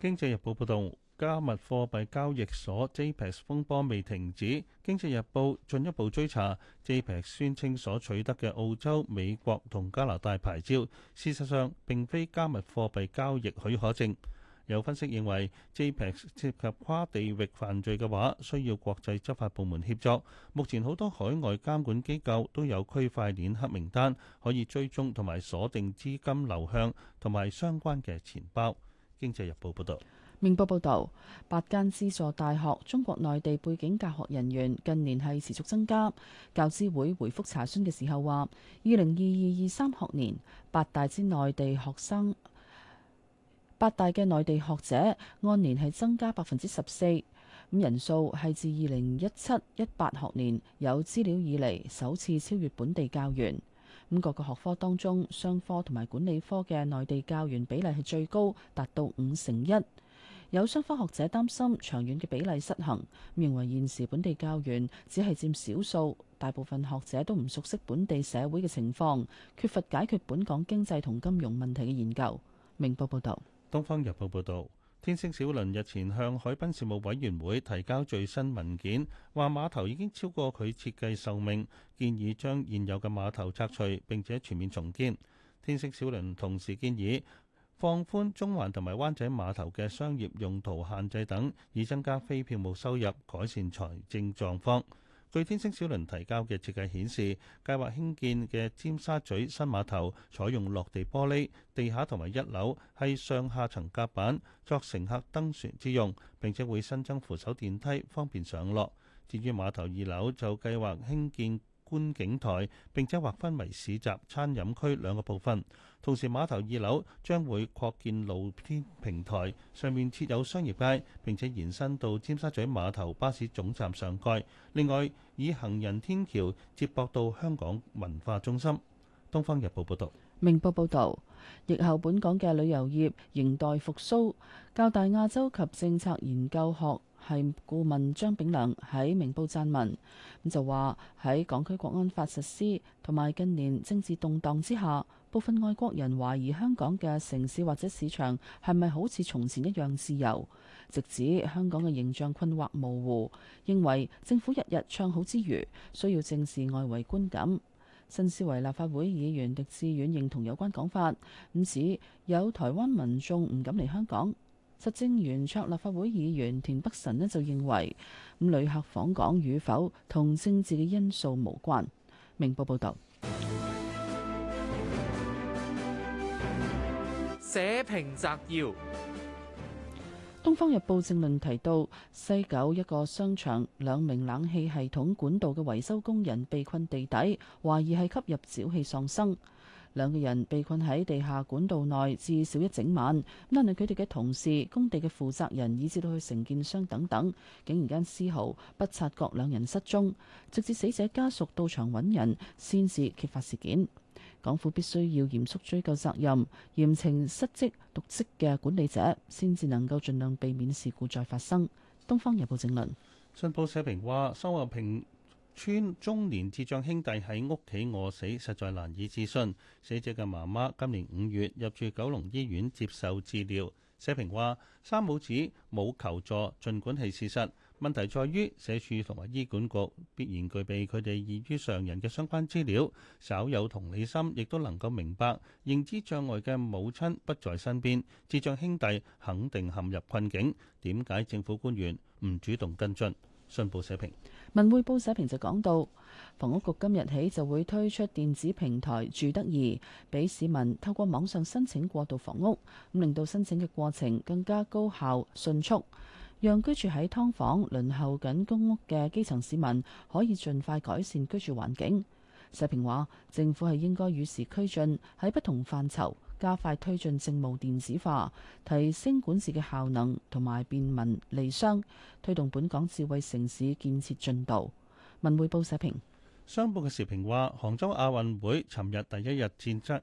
D: 經濟日報報道。加密貨幣交易所 JPEX 風波未停止，《經濟日報》進一步追查 JPEX 宣稱所取得嘅澳洲、美國同加拿大牌照，事實上並非加密貨幣交易許可證。有分析認為，JPEX 涉及跨地域犯罪嘅話，需要國際執法部門協助。目前好多海外監管機構都有區塊鏈黑名單，可以追蹤同埋鎖定資金流向同埋相關嘅錢包。《經濟日報》報道。
C: 《明報》報道，八間資助大學中國內地背景教學人員近年係持續增加。教資會回覆查詢嘅時候話，二零二二二三學年八大之內地學生、八大嘅內地學者按年係增加百分之十四，咁人數係自二零一七一八學年有資料以嚟首次超越本地教員。咁各個學科當中，商科同埋管理科嘅內地教員比例係最高，達到五成一。有商科學者擔心長遠嘅比例失衡，認為現時本地教員只係佔少數，大部分學者都唔熟悉本地社會嘅情況，缺乏解決本港經濟同金融問題嘅研究。明報報道，
D: 東方日報報道，天星小輪日前向海濱事務委員會提交最新文件，話碼頭已經超過佢設計壽命，建議將現有嘅碼頭拆除並且全面重建。天星小輪同時建議。放寬中環同埋灣仔碼頭嘅商業用途限制等，以增加非票務收入，改善財政狀況。據天星小輪提交嘅設計顯示，計劃興建嘅尖沙咀新碼頭採用落地玻璃，地下同埋一樓係上下層甲板，作乘客登船之用，並且會新增扶手電梯，方便上落。至於碼頭二樓，就計劃興建觀景台，並且劃分為市集、餐飲區兩個部分。同時碼頭二樓將會擴建露天平台，上面設有商業街，並且延伸到尖沙咀碼頭巴士總站上蓋，另外，以行人天橋接駁到香港文化中心。《東方日報》報道，
C: 《明報》報道，疫後本港嘅旅遊業仍待復蘇，較大亞洲及政策研究學。係顧問張炳良喺明報撰文，咁就話喺港區國安法實施同埋近年政治動盪之下，部分外國人懷疑香港嘅城市或者市場係咪好似從前一樣自由，直指香港嘅形象困惑模糊，認為政府日日唱好之餘，需要正視外圍觀感。新思維立法會議員狄志遠認同有關講法，咁指有台灣民眾唔敢嚟香港。實政圓桌立法會議員田北辰呢就認為，咁旅客訪港與否同政治嘅因素無關。明報報導。
G: 社評摘要：
C: 《東方日報》正論提到，西九一個商場兩名冷氣系統管道嘅維修工人被困地底，懷疑係吸入沼氣喪生。兩個人被困喺地下管道內至少一整晚，咁但係佢哋嘅同事、工地嘅負責人，以至到去承建商等等，竟然間絲毫不察覺兩人失蹤，直至死者家屬到場揾人，先至揭發事件。港府必須要嚴肅追究責任，嚴懲失職、瀆職嘅管理者，先至能夠盡量避免事故再發生。《東方日報》正論，
D: 新報社評話，收入平。村中年智障兄弟喺屋企餓死，實在難以置信。死者嘅媽媽今年五月入住九龍醫院接受治療。社評話：三母子冇求助，盡管係事實，問題在於社署同埋醫管局必然具備佢哋異於常人嘅相關資料，稍有同理心亦都能夠明白，認知障礙嘅母親不在身邊，智障兄弟肯定陷入困境。點解政府官員唔主動跟進？信報社評，
C: 文匯報社評就講到，房屋局今日起就會推出電子平台住得宜，俾市民透過網上申請過渡房屋，咁令到申請嘅過程更加高效迅速，讓居住喺劏房輪候緊公屋嘅基層市民可以盡快改善居住環境。社評話，政府係應該與時俱進，喺不同範疇，加快推進政務電子化，提升管治嘅效能同埋便民利商，推動本港智慧城市建設進度。文匯報社評，
D: 商報嘅時評話：杭州亞運會尋日第一日戰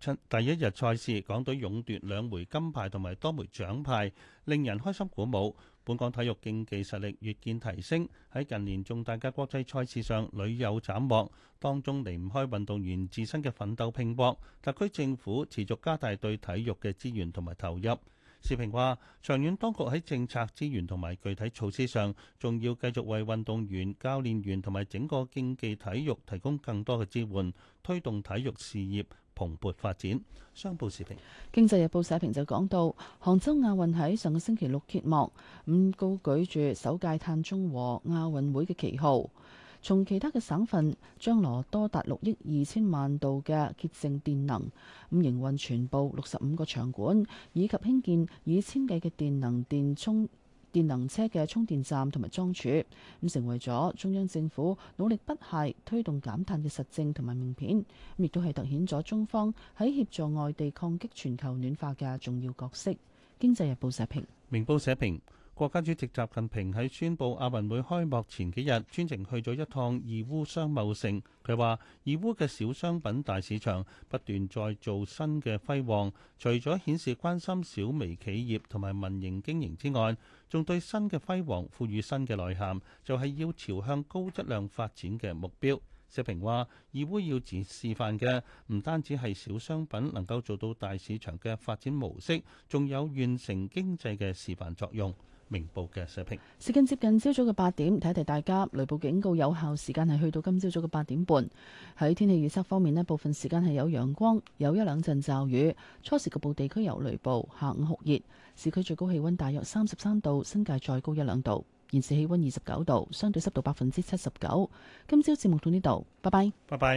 D: 績，第一日賽事，港隊勇奪兩枚金牌同埋多枚獎牌，令人開心鼓舞。本港體育競技實力越見提升，喺近年重大嘅國際賽事上屢有斬獲，當中離唔開運動員自身嘅奮鬥拼搏。特區政府持續加大對體育嘅資源同埋投入。社評話，長遠當局喺政策資源同埋具體措施上，仲要繼續為運動員、教練員同埋整個競技體育提供更多嘅支援，推動體育事業。蓬勃發展。商報視頻，
C: 《經濟日報》社評就講到，杭州亞運喺上個星期六揭幕，咁高舉住首屆碳中和亞運會嘅旗號，從其他嘅省份將攞多達六億二千萬度嘅潔淨電能，咁營運全部六十五個場館，以及興建以千計嘅電能電充。電能車嘅充電站同埋裝署咁，成為咗中央政府努力不懈推動減碳嘅實證同埋名片。亦都係突顯咗中方喺協助外地抗擊全球暖化嘅重要角色。經濟日報社評，
D: 明報社評。國家主席習近平喺宣布亞運會開幕前幾日，專程去咗一趟義烏商貿城。佢話：義烏嘅小商品大市場不斷再做新嘅輝煌。除咗顯示關心小微企業同埋民營經營之外，仲對新嘅輝煌賦予新嘅內涵，就係要朝向高質量發展嘅目標。習近平話：義烏要展示範嘅唔單止係小商品能夠做到大市場嘅發展模式，仲有縣城經濟嘅示範作用。明報嘅社評，
C: 時間接近朝早嘅八點，提一提大家雷暴警告有效時間係去到今朝早嘅八點半。喺天氣預測方面咧，部分時間係有陽光，有一兩陣驟雨。初時局部地區有雷暴，下午酷熱，市區最高氣溫大約三十三度，新界再高一兩度。現時氣溫二十九度，相對濕度百分之七十九。今朝節目到呢度，拜拜，
D: 拜拜。